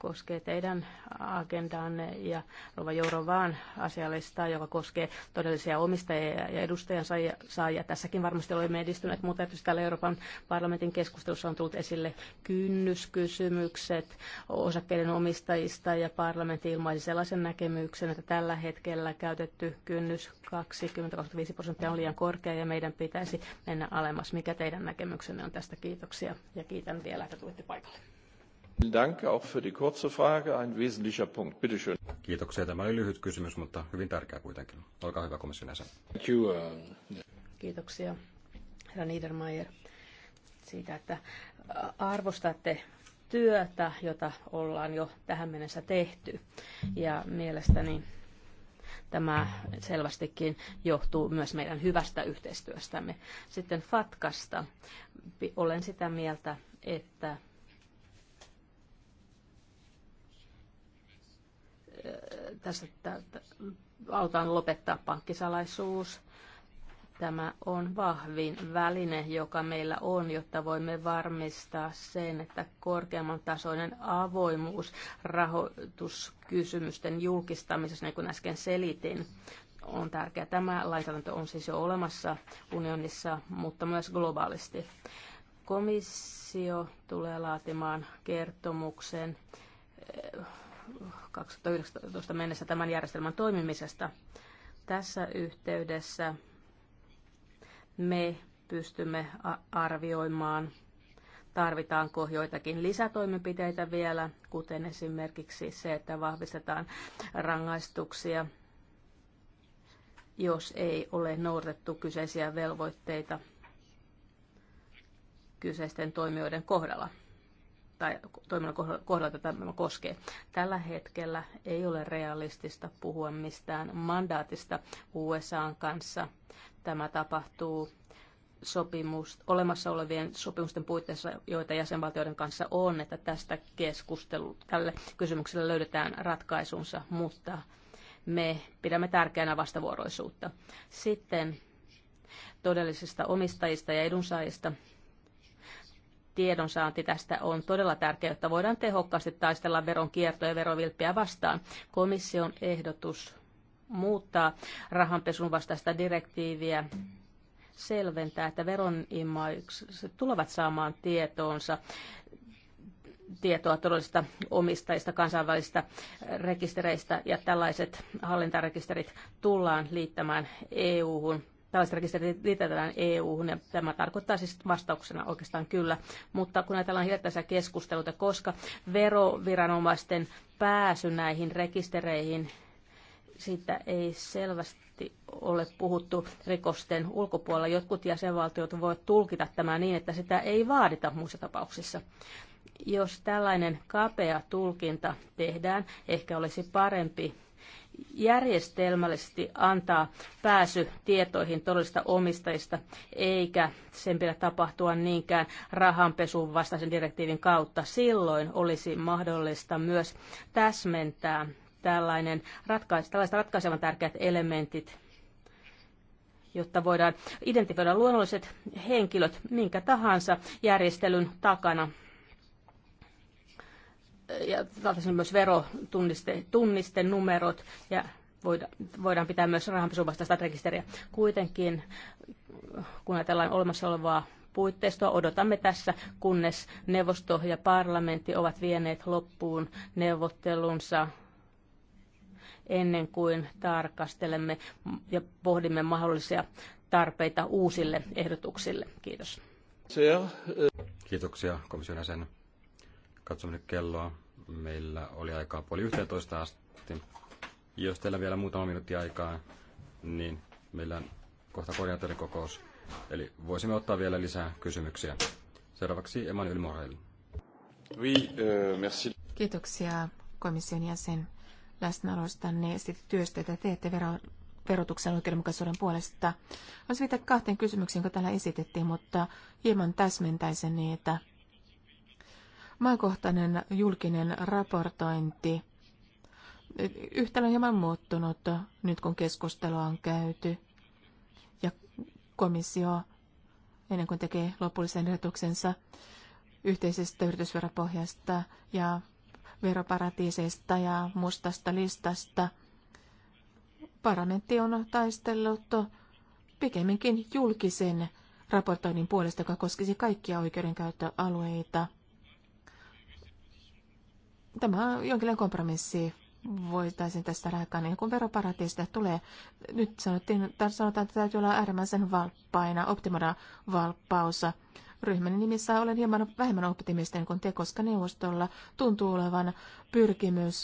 koskee teidän agendaanne ja Rova vaan asialista, joka koskee todellisia omistajia ja edustajan saajia. Tässäkin varmasti olemme edistyneet, mutta tietysti täällä Euroopan parlamentin keskustelussa on tullut esille kynnyskysymykset osakkeiden omistajista ja parlamentti ilmaisi sellaisen näkemyksen, että tällä hetkellä käytetty kynnys 20-25 prosenttia on liian korkea ja meidän pitäisi mennä alemmas. Mikä teidän näkemyksenne on tästä? Kiitoksia ja kiitän vielä, että tulitte paikalle. Kiitoksia. Tämä oli lyhyt kysymys, mutta hyvin tärkeä kuitenkin. Olkaa hyvä komission jäsen. Uh, Kiitoksia, herra Niedermayer, siitä, että uh, arvostatte työtä, jota ollaan jo tähän mennessä tehty. Ja mielestäni tämä selvästikin johtuu myös meidän hyvästä yhteistyöstämme. Sitten FATKasta olen sitä mieltä, että tässä autan lopettaa pankkisalaisuus. Tämä on vahvin väline, joka meillä on, jotta voimme varmistaa sen, että korkeamman tasoinen avoimuus rahoituskysymysten julkistamisessa, niin kuin äsken selitin, on tärkeä. Tämä lainsäädäntö on siis jo olemassa unionissa, mutta myös globaalisti. Komissio tulee laatimaan kertomuksen 2019 mennessä tämän järjestelmän toimimisesta. Tässä yhteydessä me pystymme arvioimaan, tarvitaanko joitakin lisätoimenpiteitä vielä, kuten esimerkiksi se, että vahvistetaan rangaistuksia, jos ei ole noudatettu kyseisiä velvoitteita kyseisten toimijoiden kohdalla tai toiminnan kohdalla tätä koskee. Tällä hetkellä ei ole realistista puhua mistään mandaatista USAn kanssa. Tämä tapahtuu sopimus, olemassa olevien sopimusten puitteissa, joita jäsenvaltioiden kanssa on, että tästä keskustelu, tälle kysymykselle löydetään ratkaisunsa, mutta me pidämme tärkeänä vastavuoroisuutta. Sitten todellisista omistajista ja edunsaajista tiedonsaanti tästä on todella tärkeää, että voidaan tehokkaasti taistella kiertoa ja verovilppiä vastaan. Komission ehdotus muuttaa rahanpesun vastaista direktiiviä selventää, että veronimaukset tulevat saamaan tietoonsa tietoa todellisista omistajista, kansainvälisistä rekistereistä ja tällaiset hallintarekisterit tullaan liittämään EU-hun tällaiset rekisterit liitetään EU-hun, ja tämä tarkoittaa siis vastauksena oikeastaan kyllä. Mutta kun ajatellaan hiljattaisia keskusteluita, koska veroviranomaisten pääsy näihin rekistereihin, siitä ei selvästi ole puhuttu rikosten ulkopuolella. Jotkut jäsenvaltiot voivat tulkita tämä niin, että sitä ei vaadita muissa tapauksissa jos tällainen kapea tulkinta tehdään, ehkä olisi parempi järjestelmällisesti antaa pääsy tietoihin todellista omistajista, eikä sen pidä tapahtua niinkään rahanpesun vastaisen direktiivin kautta. Silloin olisi mahdollista myös täsmentää tällainen ratkais, tällaiset ratkaisevan tärkeät elementit, jotta voidaan identifioida luonnolliset henkilöt minkä tahansa järjestelyn takana ja saataisiin myös verotunnisten numerot ja voidaan pitää myös rahanpesuvastaista rekisteriä. Kuitenkin, kun ajatellaan olemassa olevaa puitteistoa, odotamme tässä, kunnes neuvosto ja parlamentti ovat vieneet loppuun neuvottelunsa ennen kuin tarkastelemme ja pohdimme mahdollisia tarpeita uusille ehdotuksille. Kiitos. Kiitoksia komission jäsen. Katsomme nyt kelloa. Meillä oli aikaa puoli yhteentoista asti. Jos teillä vielä muutama minuutti aikaa, niin meillä on kohta kokous? Eli voisimme ottaa vielä lisää kysymyksiä. Seuraavaksi Emmanuel Morel. Oui, euh, merci. Kiitoksia komission jäsen läsnäolostanne ja sitten työstä, että teette vero, verotuksen oikeudenmukaisuuden puolesta. Olisi viittaa kahteen kysymykseen, kun täällä esitettiin, mutta hieman täsmentäisin niitä. Maakohtainen julkinen raportointi. Yhtälö on hieman muuttunut nyt kun keskustelua on käyty. Ja komissio, ennen kuin tekee lopullisen ehdotuksensa yhteisestä yritysveropohjasta ja veroparatiiseista ja mustasta listasta, parlamentti on taistellut pikemminkin julkisen raportoinnin puolesta, joka koskisi kaikkia oikeudenkäyttöalueita – tämä on jonkinlainen kompromissi voitaisiin tästä lähteä, niin kun veroparatiisista tulee, nyt sanottiin, sanotaan, että täytyy olla äärimmäisen valppaina, optimoida valppaus. Ryhmän nimissä olen hieman vähemmän optimistinen kuin te, koska neuvostolla tuntuu olevan pyrkimys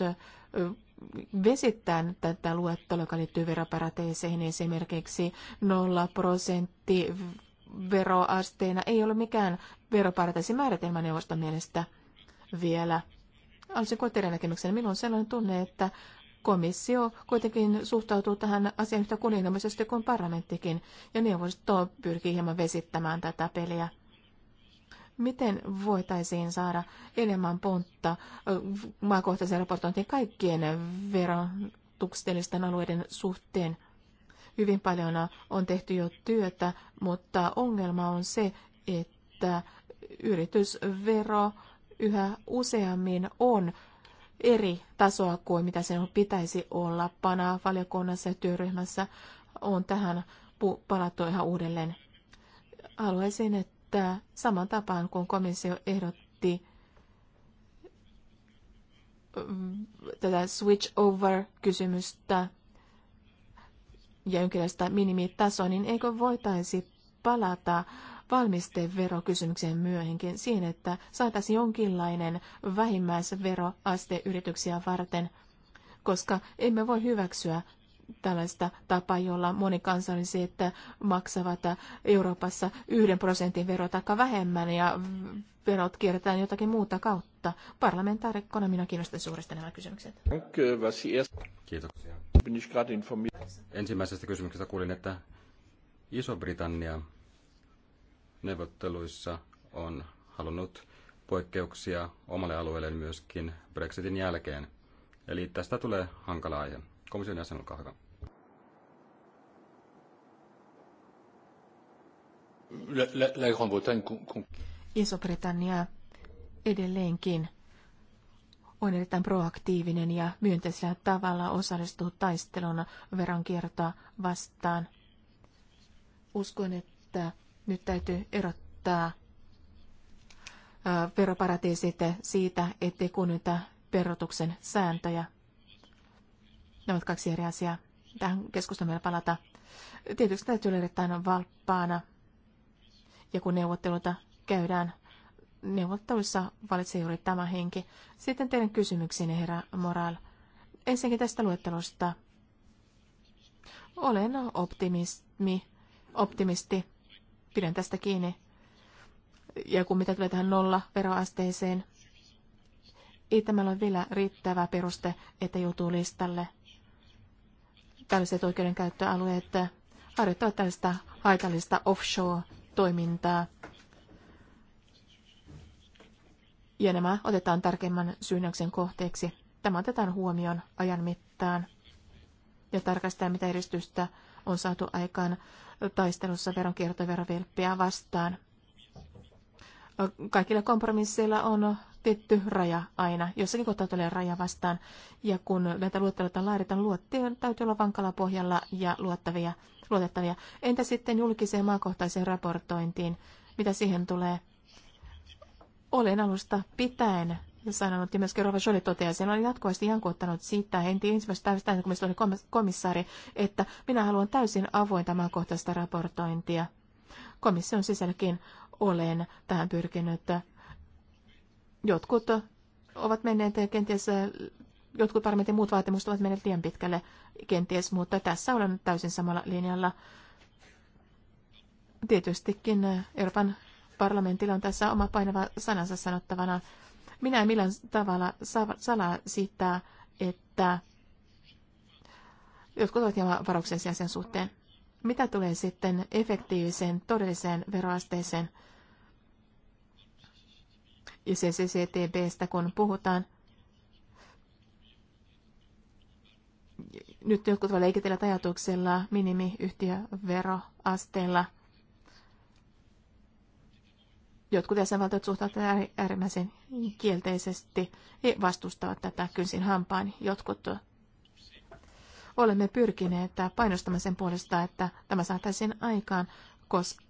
vesittää tätä luettelua, joka liittyy veroparateiseihin esimerkiksi 0 prosentti veroasteena ei ole mikään määritelmä neuvoston mielestä vielä – Alsin kuulla teidän Minulla on sellainen tunne, että komissio kuitenkin suhtautuu tähän asiaan yhtä kunnianhimoisesti kuin parlamenttikin, ja neuvosto pyrkii hieman vesittämään tätä peliä. Miten voitaisiin saada enemmän pontta maakohtaisen raportointiin kaikkien verotuksellisten alueiden suhteen? Hyvin paljon on tehty jo työtä, mutta ongelma on se, että yritysvero yhä useammin on eri tasoa kuin mitä sen pitäisi olla. panaa valiokunnassa ja työryhmässä on tähän palattu ihan uudelleen. Haluaisin, että saman tapaan kuin komissio ehdotti mm, tätä switch over-kysymystä ja jonkinlaista minimitasoa, niin eikö voitaisi palata valmisteverokysymykseen myöhemmin siihen, että saataisiin jonkinlainen vähimmäisveroaste yrityksiä varten, koska emme voi hyväksyä tällaista tapaa, jolla monikansalliset maksavat Euroopassa yhden prosentin verotakka vähemmän ja verot kierretään jotakin muuta kautta. Parlamentaarikkona minä kiinnostan suuresti nämä kysymykset. Kiitoksia. Ensimmäisestä kysymyksestä kuulin, että Iso-Britannia neuvotteluissa on halunnut poikkeuksia omalle alueelleen myöskin Brexitin jälkeen. Eli tästä tulee hankala aihe. Komission jäsen, olkaa hyvä. Iso-Britannia edelleenkin on erittäin proaktiivinen ja myönteisellä tavalla osallistuu taistelun veronkiertoa vastaan. Uskon, että nyt täytyy erottaa veroparatiisit siitä, ettei kunnioita verotuksen sääntöjä. Ne ovat kaksi eri asiaa. Tähän keskustelun palata. Tietysti täytyy olla erittäin valppaana. Ja kun neuvotteluita käydään neuvotteluissa valitsee juuri tämä henki. Sitten teidän kysymyksiin, herra Moral. Ensinnäkin tästä luettelosta. Olen optimismi, optimisti. Pidän tästä kiinni. Ja kun mitä tulee tähän nolla veroasteeseen, ei tämä ole vielä riittävä peruste, että joutuu listalle. Tällaiset oikeudenkäyttöalueet harjoittavat tällaista haitallista offshore-toimintaa. Ja nämä otetaan tarkemman syynnöksen kohteeksi. Tämä otetaan huomioon ajan mittaan ja tarkastetaan, mitä eristystä on saatu aikaan taistelussa veronkierto- ja verovilppiä vastaan. Kaikilla kompromisseilla on tietty raja aina. Jossakin kohtaa tulee raja vastaan. Ja kun näitä luotteluita laaditaan, luottia, täytyy olla vankalla pohjalla ja luottavia, luotettavia. Entä sitten julkiseen maakohtaiseen raportointiin? Mitä siihen tulee? Olen alusta pitäen sanonut, ja myöskin Rova Jolie toteaa, hän oli jatkuvasti jankuuttanut siitä henti ensimmäistä päivästä, kun meistä oli komissaari, että minä haluan täysin tämän kohtaista raportointia. Komission sisälläkin olen tähän pyrkinyt. Jotkut ovat menneet kenties jotkut parlamentin muut vaatimukset ovat menneet liian pitkälle kenties, mutta tässä olen täysin samalla linjalla. Tietystikin Euroopan parlamentilla on tässä oma painava sanansa sanottavana minä en millään tavalla salaa sitä, että jotkut ovat hieman varauksellisia sen suhteen. Mitä tulee sitten efektiiviseen todelliseen veroasteeseen? Ja CCCTBstä, kun puhutaan, nyt jotkut voivat leikitellä ajatuksella minimiyhtiöveroasteella – jotkut jäsenvaltiot suhtautuvat äärimmäisen kielteisesti ja vastustavat tätä kynsin hampaan. Jotkut olemme pyrkineet painostamaan sen puolesta, että tämä saataisiin aikaan, koska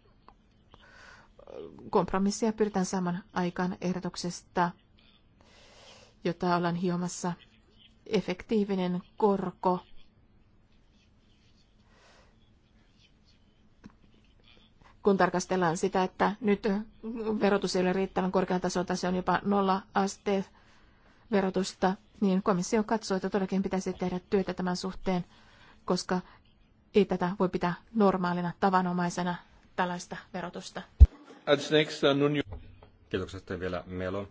kompromissia pyritään saman aikaan ehdotuksesta, jota ollaan hiomassa. Efektiivinen korko kun tarkastellaan sitä, että nyt verotus ei ole riittävän korkean tasolta, se on jopa nolla aste verotusta, niin komissio katsoo, että todellakin pitäisi tehdä työtä tämän suhteen, koska ei tätä voi pitää normaalina, tavanomaisena tällaista verotusta. Kiitoksia sitten vielä Melo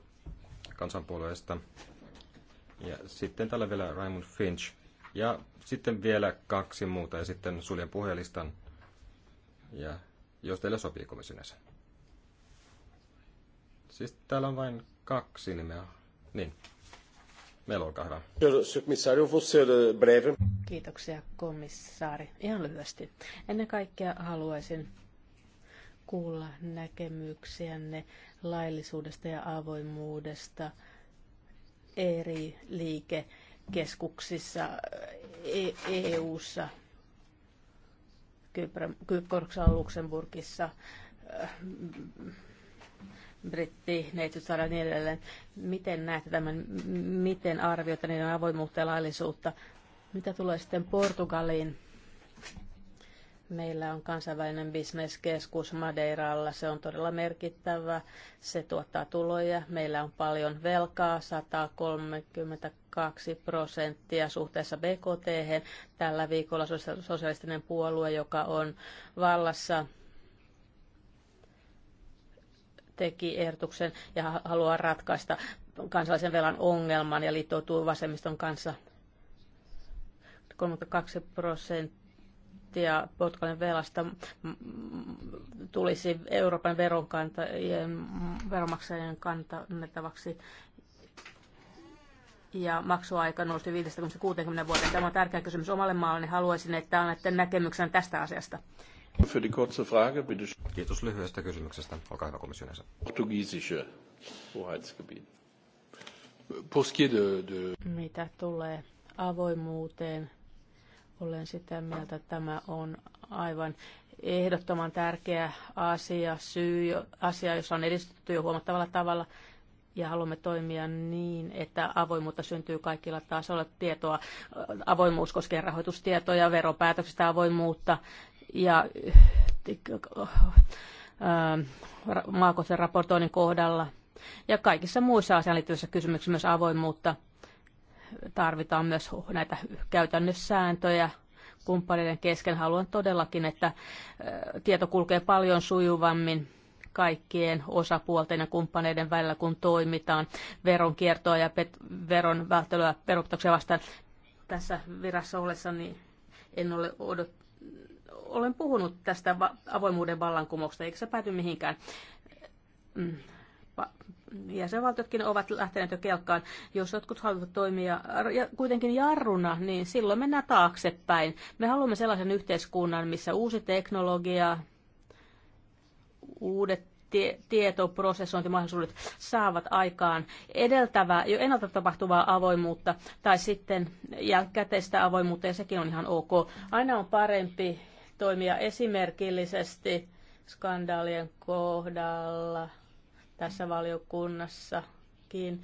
kansanpuolueesta. Ja sitten täällä vielä Raymond Finch. Ja sitten vielä kaksi muuta ja sitten suljen puhelistan. Ja jos teille sopii komission jäsen. Siis täällä on vain kaksi nimeä. Niin. Meillä olkaa hyvä. Eh, Kiitoksia komissaari. Ihan lyhyesti. Ennen kaikkea haluaisin kuulla näkemyksiänne laillisuudesta ja avoimuudesta eri liikekeskuksissa EU-ssa eh, e- e- e Kyproksella, Luxemburgissa, äh, britti, neitsytsaari ja niin edelleen. Miten näette tämän, miten arvioitte niiden avoimuutta ja laillisuutta? Mitä tulee sitten Portugaliin? Meillä on kansainvälinen bisneskeskus Madeiralla. Se on todella merkittävä. Se tuottaa tuloja. Meillä on paljon velkaa, 130 2 prosenttia suhteessa BKT. -hän. Tällä viikolla sosialistinen puolue, joka on vallassa, teki ehdotuksen ja haluaa ratkaista kansallisen velan ongelman ja liittoutuu vasemmiston kanssa 32 prosenttia Portugalin velasta tulisi Euroopan veronkantajien veronmaksajien kantannettavaksi ja maksuaika nousi 50-60 vuoteen. Tämä on tärkeä kysymys omalle maalle, niin haluaisin, että annatte näkemyksen tästä asiasta. Für die kurze Frage, bitte. Kiitos lyhyestä kysymyksestä. Olkaa hyvä komission jäsen. Portugiesische Hoheitsgebiet. de, de... Mitä tulee avoimuuteen, olen sitä mieltä, että tämä on aivan ehdottoman tärkeä asia, syy, asia, jossa on edistytty jo huomattavalla tavalla – ja haluamme toimia niin, että avoimuutta syntyy kaikilla tasoilla tietoa. Avoimuus koskee rahoitustietoja, veropäätöksistä avoimuutta ja äh, maakohtaisen raportoinnin kohdalla. Ja kaikissa muissa asiaan liittyvissä kysymyksissä myös avoimuutta. Tarvitaan myös näitä käytännössääntöjä kumppaneiden kesken. Haluan todellakin, että äh, tieto kulkee paljon sujuvammin kaikkien osapuolten ja kumppaneiden välillä, kun toimitaan veronkiertoa ja pet- veron välttelyä peruuttauksia vastaan. Tässä virassa niin en ole odot... Olen puhunut tästä avoimuuden vallankumouksesta, eikä se pääty mihinkään mm. jäsenvaltiotkin ovat lähteneet jo kelkkaan. Jos jotkut haluavat toimia ja kuitenkin jarruna, niin silloin mennään taaksepäin. Me haluamme sellaisen yhteiskunnan, missä uusi teknologia, uudet tie- tietoprosessointimahdollisuudet saavat aikaan edeltävää, jo ennalta tapahtuvaa avoimuutta tai sitten jälkikäteistä avoimuutta, ja sekin on ihan ok. Aina on parempi toimia esimerkillisesti skandaalien kohdalla tässä valiokunnassakin.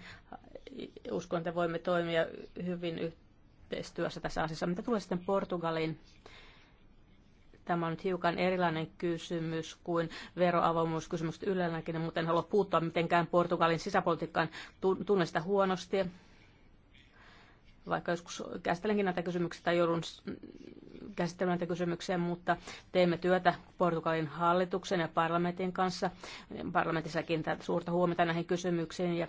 Uskon, että voimme toimia hyvin yhteistyössä tässä asiassa. Mitä tulee sitten Portugaliin, Tämä on nyt hiukan erilainen kysymys kuin veroavoimuuskysymykset yleensäkin, mutta en halua puuttua mitenkään Portugalin sisäpolitiikkaan. Tunne sitä huonosti. Vaikka joskus käsittelenkin näitä kysymyksiä tai joudun käsittelemään näitä kysymyksiä, mutta teemme työtä Portugalin hallituksen ja parlamentin kanssa. Parlamentissakin suurta huomiota näihin kysymyksiin ja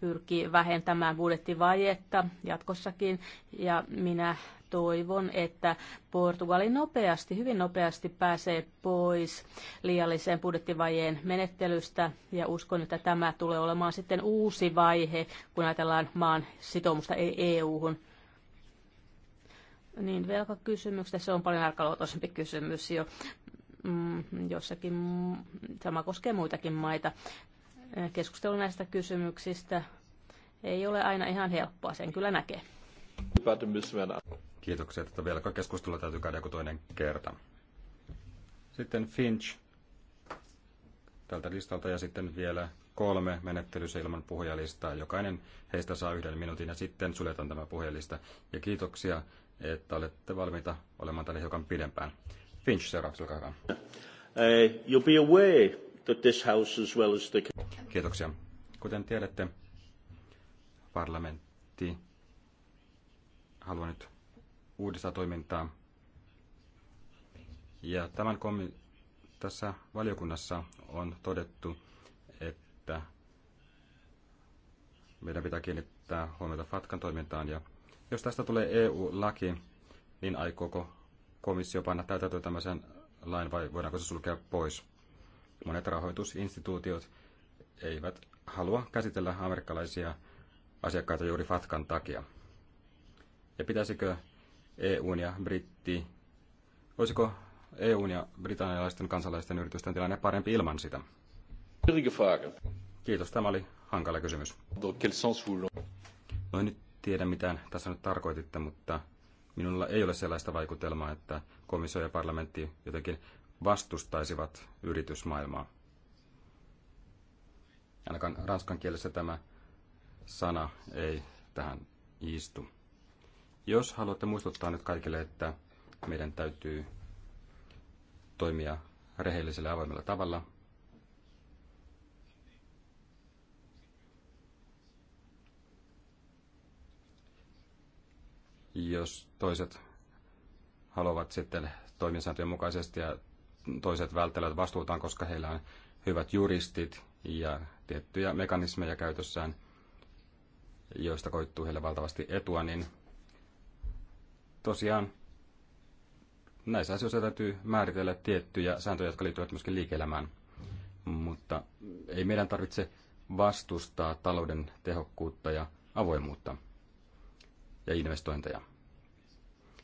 pyrkii vähentämään budjettivajetta jatkossakin. Ja minä toivon, että Portugali nopeasti, hyvin nopeasti pääsee pois liialliseen budjettivajeen menettelystä ja uskon, että tämä tulee olemaan sitten uusi vaihe, kun ajatellaan maan sitoumusta e- EU-hun. Niin, velkakysymyksestä se on paljon arkaluotoisempi kysymys jo. Mm, jossakin, sama koskee muitakin maita. Keskustelu näistä kysymyksistä ei ole aina ihan helppoa, sen kyllä näkee. Kiitoksia, että vielä keskustelua täytyy käydä joku toinen kerta. Sitten Finch tältä listalta ja sitten vielä kolme menettelyssä ilman puhujalistaa. Jokainen heistä saa yhden minuutin ja sitten suljetaan tämä puhujalista. Ja kiitoksia, että olette valmiita olemaan täällä hiukan pidempään. Finch seuraavaksi, olkaa hyvä. Uh, be aware that this house as well as the... Kiitoksia. Kuten tiedätte, parlamentti haluaa nyt uudesta toimintaa. Ja tämän komi- tässä valiokunnassa on todettu, että meidän pitää kiinnittää huomiota Fatkan toimintaan. Ja jos tästä tulee EU-laki, niin aikooko komissio panna täytäntöön tämmöisen lain vai voidaanko se sulkea pois? Monet rahoitusinstituutiot eivät halua käsitellä amerikkalaisia asiakkaita juuri Fatkan takia. Ja pitäisikö EUn ja britti... Olisiko EUn ja britannialaisten kansalaisten yritysten tilanne parempi ilman sitä? Kiitos, tämä oli hankala kysymys. No en nyt tiedä, mitä tässä nyt tarkoititte, mutta minulla ei ole sellaista vaikutelmaa, että komissio ja parlamentti jotenkin vastustaisivat yritysmaailmaa. Ainakaan ranskan kielessä tämä sana ei tähän istu. Jos haluatte muistuttaa nyt kaikille, että meidän täytyy toimia rehellisellä ja avoimella tavalla, jos toiset haluavat sitten toimisääntöjen mukaisesti ja toiset välttelevät vastuutaan, koska heillä on hyvät juristit ja tiettyjä mekanismeja käytössään, joista koittuu heille valtavasti etua, niin tosiaan näissä asioissa täytyy määritellä tiettyjä sääntöjä, jotka liittyvät myöskin liike-elämään. Mutta ei meidän tarvitse vastustaa talouden tehokkuutta ja avoimuutta ja investointeja.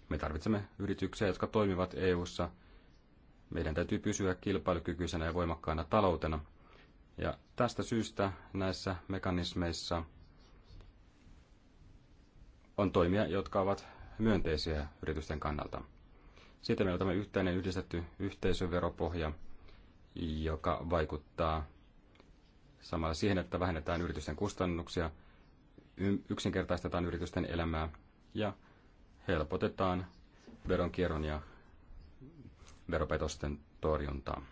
Me tarvitsemme yrityksiä, jotka toimivat EU:ssa. Meidän täytyy pysyä kilpailukykyisenä ja voimakkaana taloutena. Ja tästä syystä näissä mekanismeissa on toimia, jotka ovat myönteisiä yritysten kannalta. Sitten meillä on tämä yhteinen yhdistetty yhteisöveropohja, joka vaikuttaa samalla siihen, että vähennetään yritysten kustannuksia, yksinkertaistetaan yritysten elämää ja helpotetaan veronkierron ja veropetosten torjuntaa.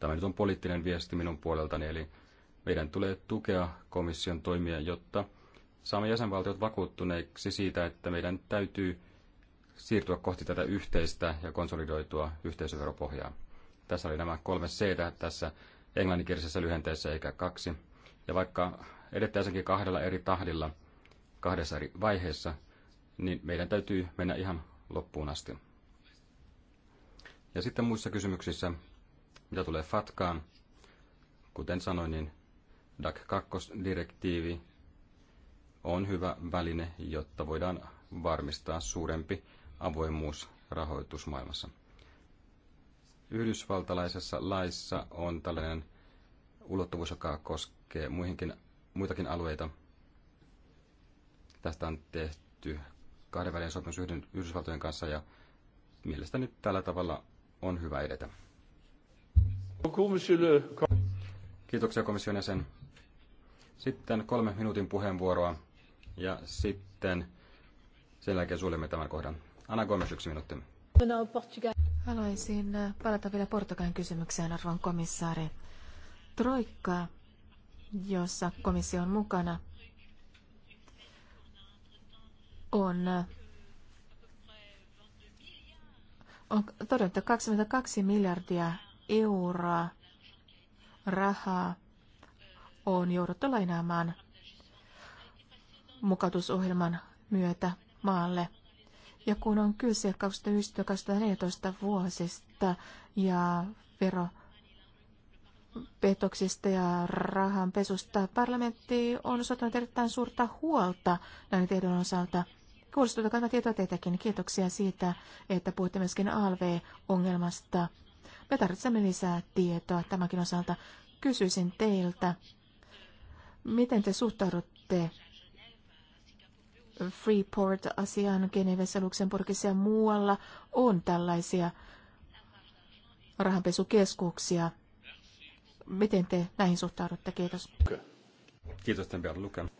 Tämä nyt on poliittinen viesti minun puoleltani, eli meidän tulee tukea komission toimia, jotta saamme jäsenvaltiot vakuuttuneiksi siitä, että meidän täytyy siirtyä kohti tätä yhteistä ja konsolidoitua yhteisöveropohjaa. Tässä oli nämä kolme c tässä englanninkielisessä lyhenteessä eikä kaksi. Ja vaikka edettäisinkin kahdella eri tahdilla kahdessa eri vaiheessa, niin meidän täytyy mennä ihan loppuun asti. Ja sitten muissa kysymyksissä, mitä tulee FATKaan, kuten sanoin, niin DAC 2-direktiivi on hyvä väline, jotta voidaan varmistaa suurempi avoimuus rahoitusmaailmassa. Yhdysvaltalaisessa laissa on tällainen ulottuvuus, joka koskee muihinkin, muitakin alueita. Tästä on tehty kahdenvälinen sopimus Yhdysvaltojen kanssa ja mielestäni tällä tavalla on hyvä edetä. Kiitoksia komission jäsen. Sitten kolme minuutin puheenvuoroa ja sitten sen jälkeen suljemme tämän kohdan. Anna Gomes, yksi minuutti. Haluaisin äh, palata vielä Portugalin kysymykseen, arvon komissaari. Troikka, jossa komissio on mukana, on, äh, on todettu 22 miljardia euroa rahaa on jouduttu lainaamaan mukautusohjelman myötä maalle. Ja kun on kyse 2011-2014 vuosista ja vero petoksista ja rahanpesusta. Parlamentti on osoittanut erittäin suurta huolta näiden tiedon osalta. Kuulostuu kannattaa tietoa teitäkin. Kiitoksia siitä, että puhutte myöskin ALV-ongelmasta. Me tarvitsemme lisää tietoa tämänkin osalta. Kysyisin teiltä, miten te suhtaudutte Freeport-asiaan Genevessä, Luxemburgissa ja muualla on tällaisia rahanpesukeskuksia. Miten te näihin suhtaudutte? Kiitos. Kiitos, Tempian Luken.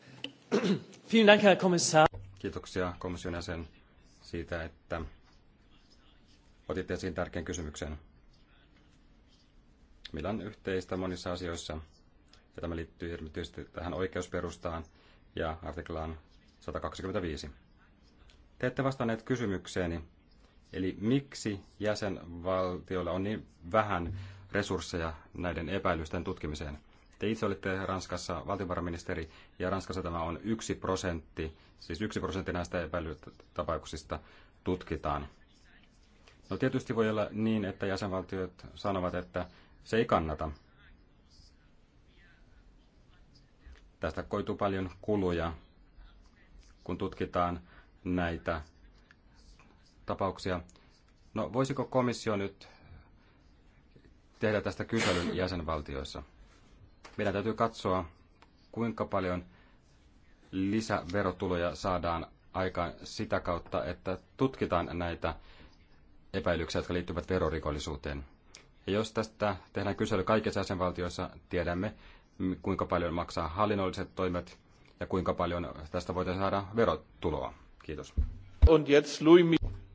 Kiitoksia komission jäsen siitä, että otitte esiin tärkeän kysymyksen. Meillä on yhteistä monissa asioissa, ja tämä liittyy erityisesti tähän oikeusperustaan ja artiklaan 125. Te ette vastanneet kysymykseeni, eli miksi jäsenvaltioilla on niin vähän resursseja näiden epäilysten tutkimiseen? Te itse olitte Ranskassa valtiovarainministeri, ja Ranskassa tämä on yksi prosentti, siis yksi prosentti näistä epäilytapauksista tutkitaan. No tietysti voi olla niin, että jäsenvaltiot sanovat, että se ei kannata. Tästä koituu paljon kuluja kun tutkitaan näitä tapauksia. No voisiko komissio nyt tehdä tästä kyselyn jäsenvaltioissa? Meidän täytyy katsoa, kuinka paljon lisäverotuloja saadaan aikaan sitä kautta, että tutkitaan näitä epäilyksiä, jotka liittyvät verorikollisuuteen. Ja jos tästä tehdään kysely kaikissa jäsenvaltioissa, tiedämme, kuinka paljon maksaa hallinnolliset toimet, ja kuinka paljon tästä voitaisiin saada verotuloa. Kiitos. Und jetzt Louis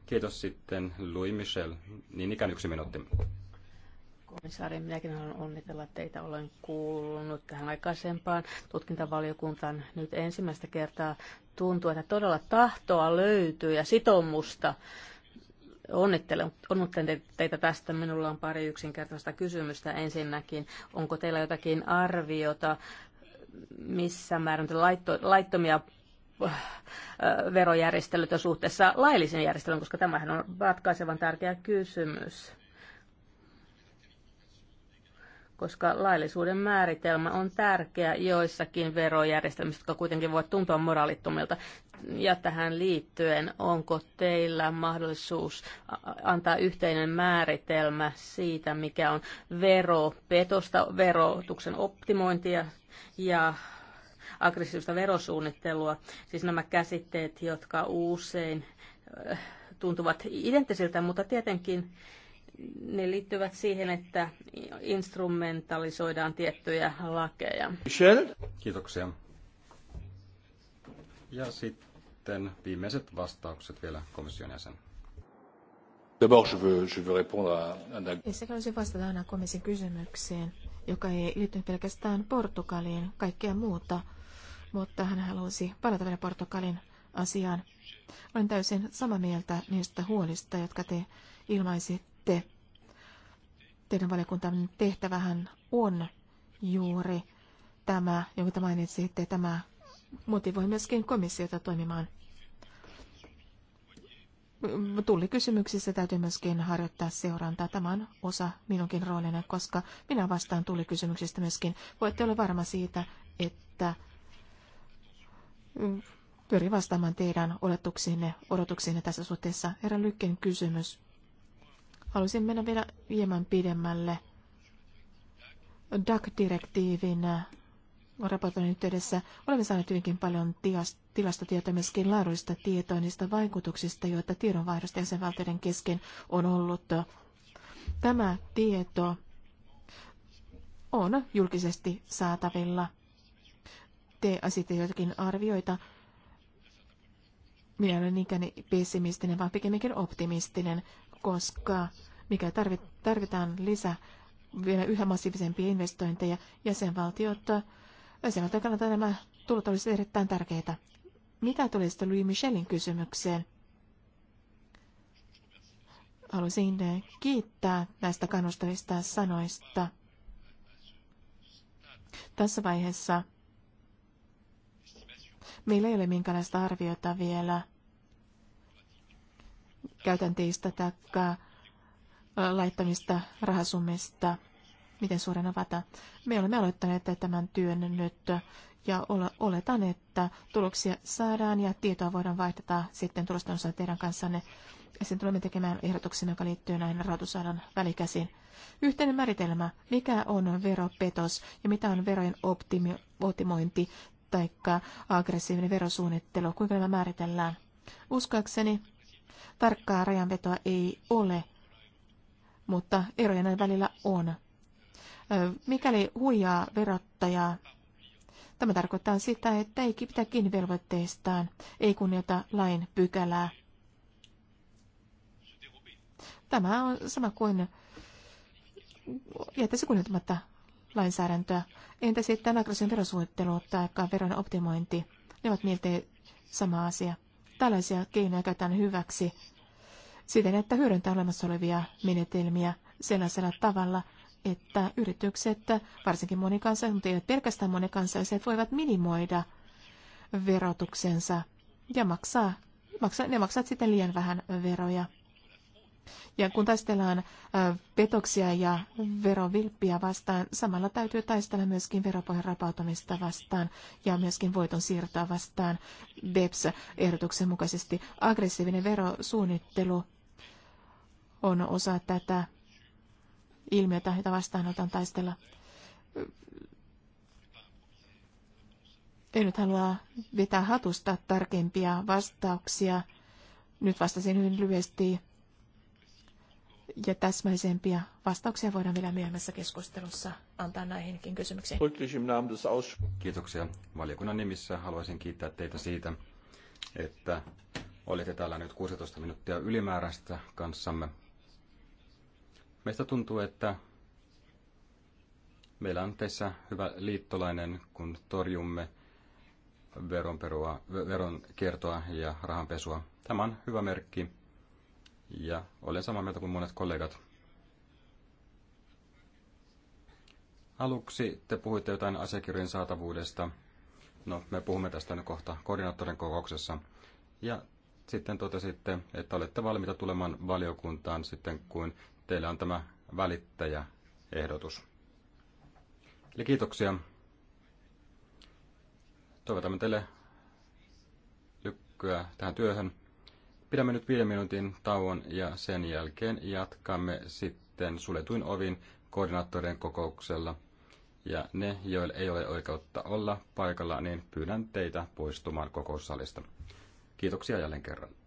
Kiitos sitten Louis Michel. Niin ikään yksi minuutti. Komissaari, minäkin haluan onnitella teitä. Olen kuulunut tähän aikaisempaan tutkintavaliokuntaan nyt ensimmäistä kertaa. Tuntuu, että todella tahtoa löytyy ja sitoumusta onnittelen, onnittelen teitä tästä. Minulla on pari yksinkertaista kysymystä. Ensinnäkin, onko teillä jotakin arviota missä määrin laittomia äh, verojärjestelyt on suhteessa laillisen järjestelyn, koska tämähän on ratkaisevan tärkeä kysymys. Koska laillisuuden määritelmä on tärkeä joissakin verojärjestelmissä, jotka kuitenkin voivat tuntua moraalittomilta ja tähän liittyen, onko teillä mahdollisuus antaa yhteinen määritelmä siitä, mikä on veropetosta, verotuksen optimointia ja aggressiivista verosuunnittelua, siis nämä käsitteet, jotka usein tuntuvat identtisiltä, mutta tietenkin ne liittyvät siihen, että instrumentalisoidaan tiettyjä lakeja. Michel? Kiitoksia. Ja sitten sitten viimeiset vastaukset vielä komission jäsen. D'abord, je veux, je veux répondre à... Ensinnäkin haluaisin vastata aina komission kysymykseen, joka ei liity pelkästään Portugaliin, kaikkea muuta, mutta hän halusi palata vielä Portugalin asiaan. Olen täysin samaa mieltä niistä huolista, jotka te ilmaisitte. Teidän valiokuntamme tehtävähän on juuri tämä, jonka te mainitsitte, tämä motivoi myöskin komissiota toimimaan tullikysymyksissä täytyy myöskin harjoittaa seurantaa. Tämä on osa minunkin roolina, koska minä vastaan tullikysymyksistä myöskin. Voitte olla varma siitä, että pyrin vastaamaan teidän oletuksiinne, odotuksiinne tässä suhteessa. Herra Lykken kysymys. Haluaisin mennä vielä hieman pidemmälle. DAC-direktiivin raportoinnin yhteydessä olemme saaneet hyvinkin paljon tilastotietoa myöskin laadullista tietoa niistä vaikutuksista, joita tiedonvaihdosta jäsenvaltioiden kesken on ollut. Tämä tieto on julkisesti saatavilla. Te asitte joitakin arvioita. Minä olen niinkään pessimistinen, vaan pikemminkin optimistinen, koska mikä tarvitaan lisää vielä yhä massiivisempia investointeja, jäsenvaltiot Vesenvaltion kannalta nämä tulot olisivat erittäin tärkeitä. Mitä tuli sitten Louis Michelin kysymykseen? Haluaisin eh, kiittää näistä kannustavista sanoista. Tässä vaiheessa meillä ei ole minkäänlaista arviota vielä käytänteistä tai eh, laittamista rahasummista – miten suuren vata? Me olemme aloittaneet tämän työn nyt ja oletan, että tuloksia saadaan ja tietoa voidaan vaihtata sitten tulosten osalta teidän kanssanne. Ja sen tulemme tekemään ehdotuksen, joka liittyy näihin rahoitusalan välikäsiin. Yhteinen määritelmä, mikä on veropetos ja mitä on verojen optimi- optimointi tai aggressiivinen verosuunnittelu, kuinka nämä määritellään. Uskoakseni tarkkaa rajanvetoa ei ole, mutta eroja välillä on. Mikäli huijaa verottajaa, tämä tarkoittaa sitä, että ei pitää kiinni velvoitteistaan, ei kunnioita lain pykälää. Tämä on sama kuin jättäisi kunnioittamatta lainsäädäntöä. Entä sitten aggressiivinen verosuunnittelu tai veron optimointi? Ne ovat miltei sama asia. Tällaisia keinoja käytetään hyväksi siten, että hyödyntää olemassa olevia menetelmiä sellaisella tavalla, että yritykset, varsinkin monikansalliset, mutta eivät pelkästään monikansalliset, voivat minimoida verotuksensa ja maksaa, maksaa, ne maksavat sitten liian vähän veroja. Ja kun taistellaan petoksia ja verovilppiä vastaan, samalla täytyy taistella myöskin veropohjan rapautumista vastaan ja myöskin voiton siirtoa vastaan BEPS-ehdotuksen mukaisesti. Aggressiivinen verosuunnittelu on osa tätä ilmiötä, jota vastaan otan taistella. En nyt halua vetää hatusta tarkempia vastauksia. Nyt vastasin hyvin lyhyesti ja täsmäisempiä vastauksia voidaan vielä myöhemmässä keskustelussa antaa näihinkin kysymyksiin. Kiitoksia. Valiokunnan nimissä haluaisin kiittää teitä siitä, että olette täällä nyt 16 minuuttia ylimääräistä kanssamme. Meistä tuntuu, että meillä on tässä hyvä liittolainen, kun torjumme veronperua, veronkiertoa ja rahanpesua. Tämä on hyvä merkki ja olen samaa mieltä kuin monet kollegat. Aluksi te puhuitte jotain asiakirjojen saatavuudesta. No, me puhumme tästä nyt kohta koordinaattorin kokouksessa. Ja sitten totesitte, että olette valmiita tulemaan valiokuntaan sitten, kun teillä on tämä välittäjäehdotus. Eli kiitoksia. Toivotamme teille lykkyä tähän työhön. Pidämme nyt viiden minuutin tauon ja sen jälkeen jatkamme sitten suljetuin ovin koordinaattorien kokouksella. Ja ne, joille ei ole oikeutta olla paikalla, niin pyydän teitä poistumaan kokoussalista. Kiitoksia jälleen kerran.